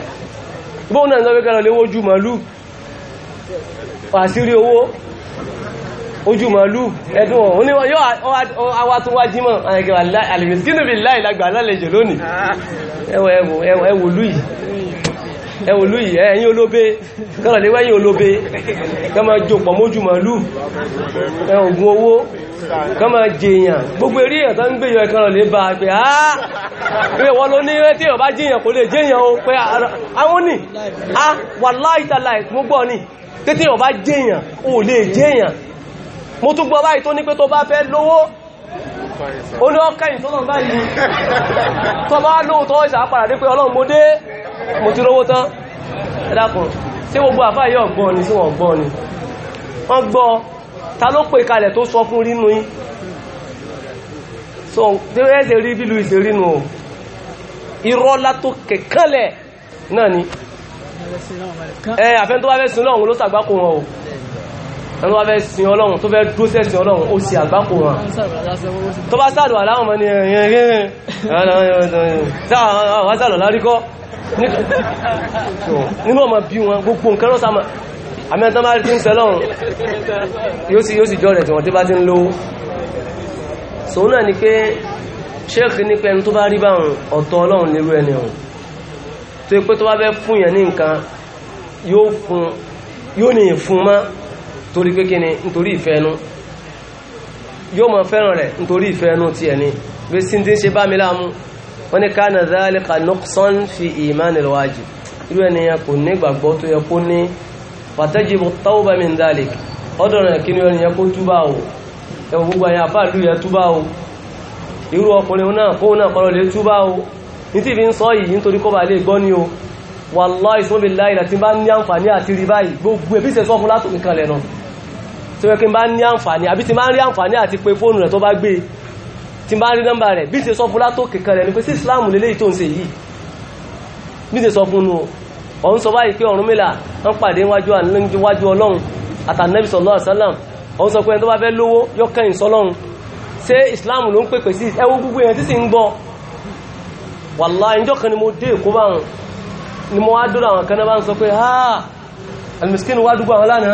àṣírí owó ojú màálù ẹ̀dùn ọ̀hún ní wọ́n yóò àwa tó wájí mọ̀ àyẹ̀kẹ̀wà alìrìsínú bí láì lágbà lálejò lónìí ẹwọ̀ ah. ẹwọ̀ ẹwọ̀ lùyìí ẹwò lóyìí ẹ̀yìn olóbe kọ́nà lè wẹ́yìn olóbe kọ́mọ jòpọ̀ mójú màálù ẹ̀ògùn owó kọ́mọ jèèyàn gbogbo eré èèyàn tó ń gbé yọ ẹ̀kọ́nà lè bá pé àá pé wọ́n ló ní tí èèyàn a wà láìtàlà ìgbógbọ́ ní tètè èèyàn bá jèèyàn ò lè jèèyàn mo tún gbọ́ olóòkẹ́yìn tó lọ́n báyìí tó bá lóòtọ́ ìsàpàdà dé pé ọlọ́run mo dé mo ti rówó tán ẹ̀dàkùn sí gbogbo àfáyé ọ̀gbọ́n ni sí wọ́n gbọ́n ni wọ́n gbọ́ ta ló pè kalẹ̀ tó sọ fún rínú yí so ẹ̀ẹ́sẹ̀ rí bílù ìsẹ̀ rínú o irọ́ látó kẹ̀kẹ́lẹ̀ náà ni ẹ̀ àfẹ́ tó wá fẹ́ sin lọ́hun ló sàgbákò wọn o ẹni wọ́n fẹ́ sin ọlọ́run tó fẹ́ dúró sẹ́sìn ọlọ́run ó sì àgbákò wọn tó bá sàdọ̀ aláwọn mọ́ni ẹ̀rẹ́rẹ́rẹ́ láríkọ́ nínú ọmọ bí wọn gbogbo nǹkan lọ́sà mọ́ àmì ẹ̀tọ́ bá rí tí ń sẹ́lọ́run yóò sì jọ rẹ̀ tí wọ́n tí bá ti ń lówó so náà ni pé ṣéèkì ní pé ẹni tó bá rí torí pé kí ni nítorí yóò mọ̀ fẹ́ràn rẹ̀ nítorí ẹnu ti ẹni bí sí ti ń ṣe bá mi láàmú wọ́n ní kana dhalika nuqsan fi imanil wajib irú ẹniyàn kò ní gbàgbọ́ tó yẹ kó ní fatajibu tawba min dhalik ọdọ̀ rẹ̀ kí ni kó túbà o ẹwọ gbogbo túbà o irú ọkùnrin náà kó náà lè túbà o ní tí ìfi ń sọ yìí nítorí lè gbọ́ o láti bá ní àǹfààní àti rí báyìí gbogbo tó yẹ kí n bá ní àǹfààní àbí tí n bá rí àǹfààní àti pé fóònù rẹ̀ tó bá gbé tí n bá rí nọ́mbà rẹ̀ bí n ṣe sọ fún látó kẹ̀kẹ́ rẹ̀ ni pé sí ìsìláàmù lélẹ́yìí tó ń ṣe yìí bí n ṣe sọ fún nu ọ̀hún sọ báyìí pé Ọ̀rúnmìlà ń pàdé wájú ọlọ́run àtànẹ́bí sallallahu alaihi wasallam ọ̀hún sọ pé ẹni tó bá fẹ́ lówó yọ kẹ́yìn sọlọ́run ṣé ìsìláàmù ló ń pèpè sí ẹwú gbogbo èèyàn tí sì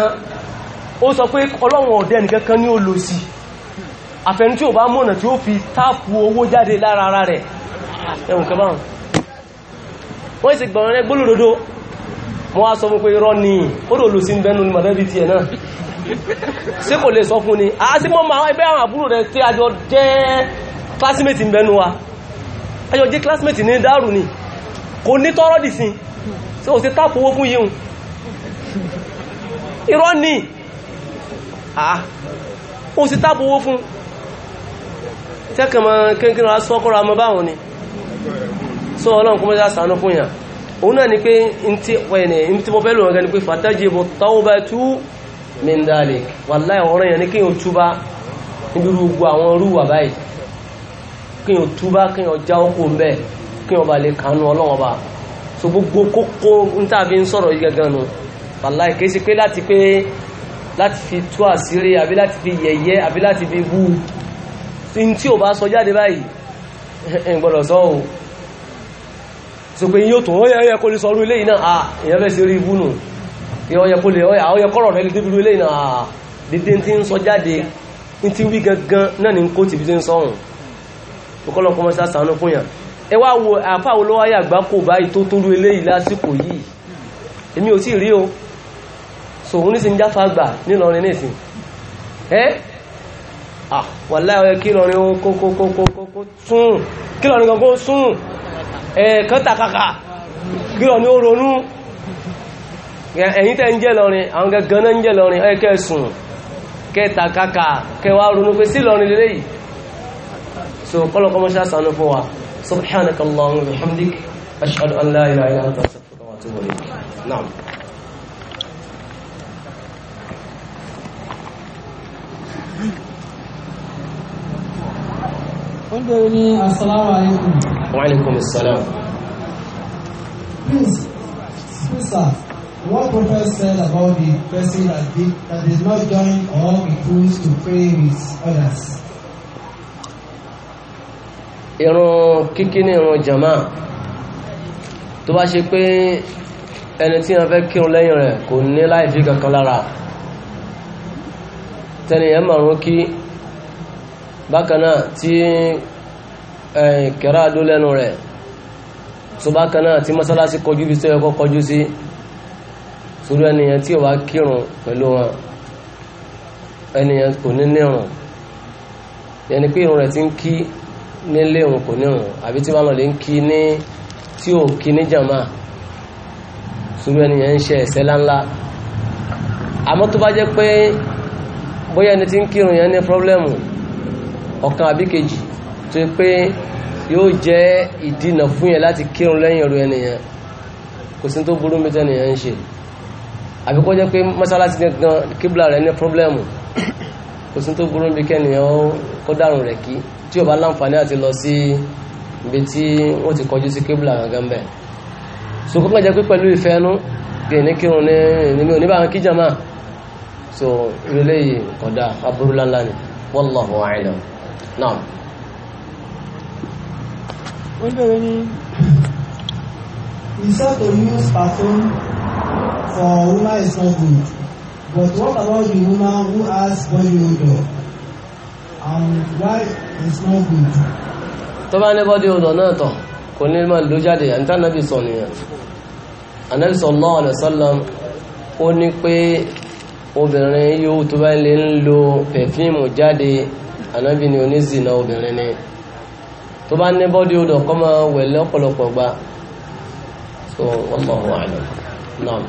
ń ó sọ pé ọlọ́run ọ̀dẹ́ ẹnìkankan ní ó lò sí àfẹni tí ó bá mọ̀nà tí ó fi táàpù owó jáde lára ara rẹ̀ ẹ̀wùn kẹbàrùn wọ́n sì gbọ̀nà rẹ̀ gbólòdòdó wọ́n á sọ fún pé irọ́ ni ó lò sí bẹ́nu ní mọ̀lẹ́bí tiẹ̀ náà ṣé kò lè sọ fún ni a sì mọ́ máa ẹgbẹ́ àwọn àbúrò rẹ̀ tí ajọ jẹ́ kílásímẹ́tì bẹ́nu wa ajọ jẹ́ kílásímẹ́tì ní dàrú ni kò ní tọ́rọ́ dì sí ṣé o ṣe táàpù àá ó sì tábò owó fún tẹ́kànmọ́ kínkín ra sọ́kọ́ra mọ́ báwọn ni sọ ọlọ́run kó mẹ́ta sànú fún yàn òun náà ni pé ntí wẹ̀nẹ̀ ntí mo fẹ́ lò wọn gan ni pé fatajibu tawbatu min dhalik wallahi ọ̀rọ̀ yẹn ni kí n ò túbá níbi gbogbo àwọn rúwà báyìí kí n ò túbá kí n ò já ọkọ̀ ń bẹ́ẹ̀ kí n ò bá lè kánú ọlọ́run ọba so gbogbo kókó ń tàbí ń sọ̀rọ̀ yìí láti fi tú àṣírí àbí láti fi yẹ̀yẹ́ àbí láti fi bú tí tí ò bá sọ jáde báyìí ẹ̀ [LAUGHS] gbọ́dọ̀ sọ ò so pé yíò tó yẹ kó lè sọ orú ilé iná à ah, èyàn fẹ́ sí orí ibú nù yẹ kó lè ọyẹ kọ́rọ̀ rẹ̀ lè dúdú ilé iná à ah, dédé tí ń sọ jáde ní tí wí gangan náà ní kó tìbí tí ń sọ̀hún ọkọ̀lọpọ̀ mọ́sá sànú fún yàn ẹ wá wo àfáwọlọ́wọ́ àyàgbá kò báyìí tó tó rú ilé yìí lásìkò o so òun nísìn jáfa gbà nílọrin nísìn ẹ́ wàlá ọ̀yẹ́ kí lọrin ó kókókókókó tún kí lọrin gan kó sún ẹ̀ẹ̀kan tàkàkà kí lọrin ó ronú ẹ̀yìn tẹ́ ń jẹ́ lọrin àwọn gangan náà ń jẹ́ lọrin ọ̀yẹ́ kẹ́ sùn kẹ́ tàkàkà kẹ́ wá ronú pé sí lọrin lélẹ́yìí so kọ́lọ̀kọ́ mọ́ ṣáṣánú fún wa subhanakallahumma wa bihamdik ashhadu an la ilaha illa anta astaghfiruka wa atubu ilayk na'am wọ́n bẹ̀rẹ̀ assalamu alaikum wa alaikum assalam please please sir what prophet said about the person that did, that did not join all the refuse to pray with others ìrun kíkí ní ìrun jama tó bá ṣe pé ẹni tí wọ́n fẹ́ kírun lẹ́yìn rẹ̀ kò ní láìfí kankan lára tẹniyàn márùn kí bákanáà tí kẹrà dó lẹ́nu rẹ̀ so bákanáà tí mọ́sálásí kọjú bí sẹ́yọ́kọ́ kọjú sí sórí ẹniyàn tí ó wá kírun pẹ̀lú wọn ẹniyàn kò ní nírun yẹni pé irun rẹ̀ ti ń kí nílé òun kò nírun àbí tí wọ́n lọ lè ń kí ní tí ò kí ní jàmá sórí ẹniyàn ń ṣe ẹ̀ṣẹ̀ láńlá àmọ́ tó bá jẹ́ pé bóyá ẹni tí ń kírun yẹn ní pọ́blẹ́mù ọ̀kan àbí kejì tó yẹ pé yóò jẹ́ ìdínà fún yẹn láti kírun lẹ́yìn ọ̀rọ̀ ẹnìyẹn kò sí tó burú mẹ́tẹ́ nìyẹn ń ṣe àbí kó jẹ́ pé mọ́sálásí gangan kíbla rẹ̀ ní pọ́blẹ́mù kò sí tó burú bí kẹ́nìyàn kó dàrùn rẹ̀ kí tí ò bá láǹfààní àti lọ sí ibi tí wọ́n ti kọjú sí kíbla gangan bẹ́ẹ̀ so kó kàn jẹ́ pé pẹ̀lú ìfẹ́ ẹnu kírun ní ìnimi òní báwọn kíjàmá so ìrẹ̀lẹ̀ yìí aburú lánlá ni wallahu a'lam náà. ó ń bẹ̀rẹ̀ ní. we saw the news perform for woman is not good but what about the woman who has body odor and why is not good. tó bá ní body odor náà tán kò ní máa lò jáde àǹtá nàbì sọ nìyẹn ànábì sallallahu alaihi wasallam ó ní pé obìnrin yóò tó bá lè ń lo ànábì ni onízìnà obìnrin ni tó bá ní bọ́dí odò kọ́ máa wẹ̀lẹ́ ọ̀pọ̀lọpọ̀ gba so wọ́n mọ̀ wọ́n àlọ́ náà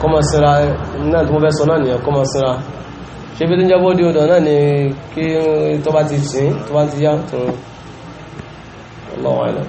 kọ́ máa sinra náà tí mo fẹ́ sọ náà nìyẹn kọ́ máa sinra ṣé bí tó ń jẹ́ bọ́dí odò náà ni kí tó bá ti sìn tó bá ti yá tó wọ́n mọ̀ àlọ́.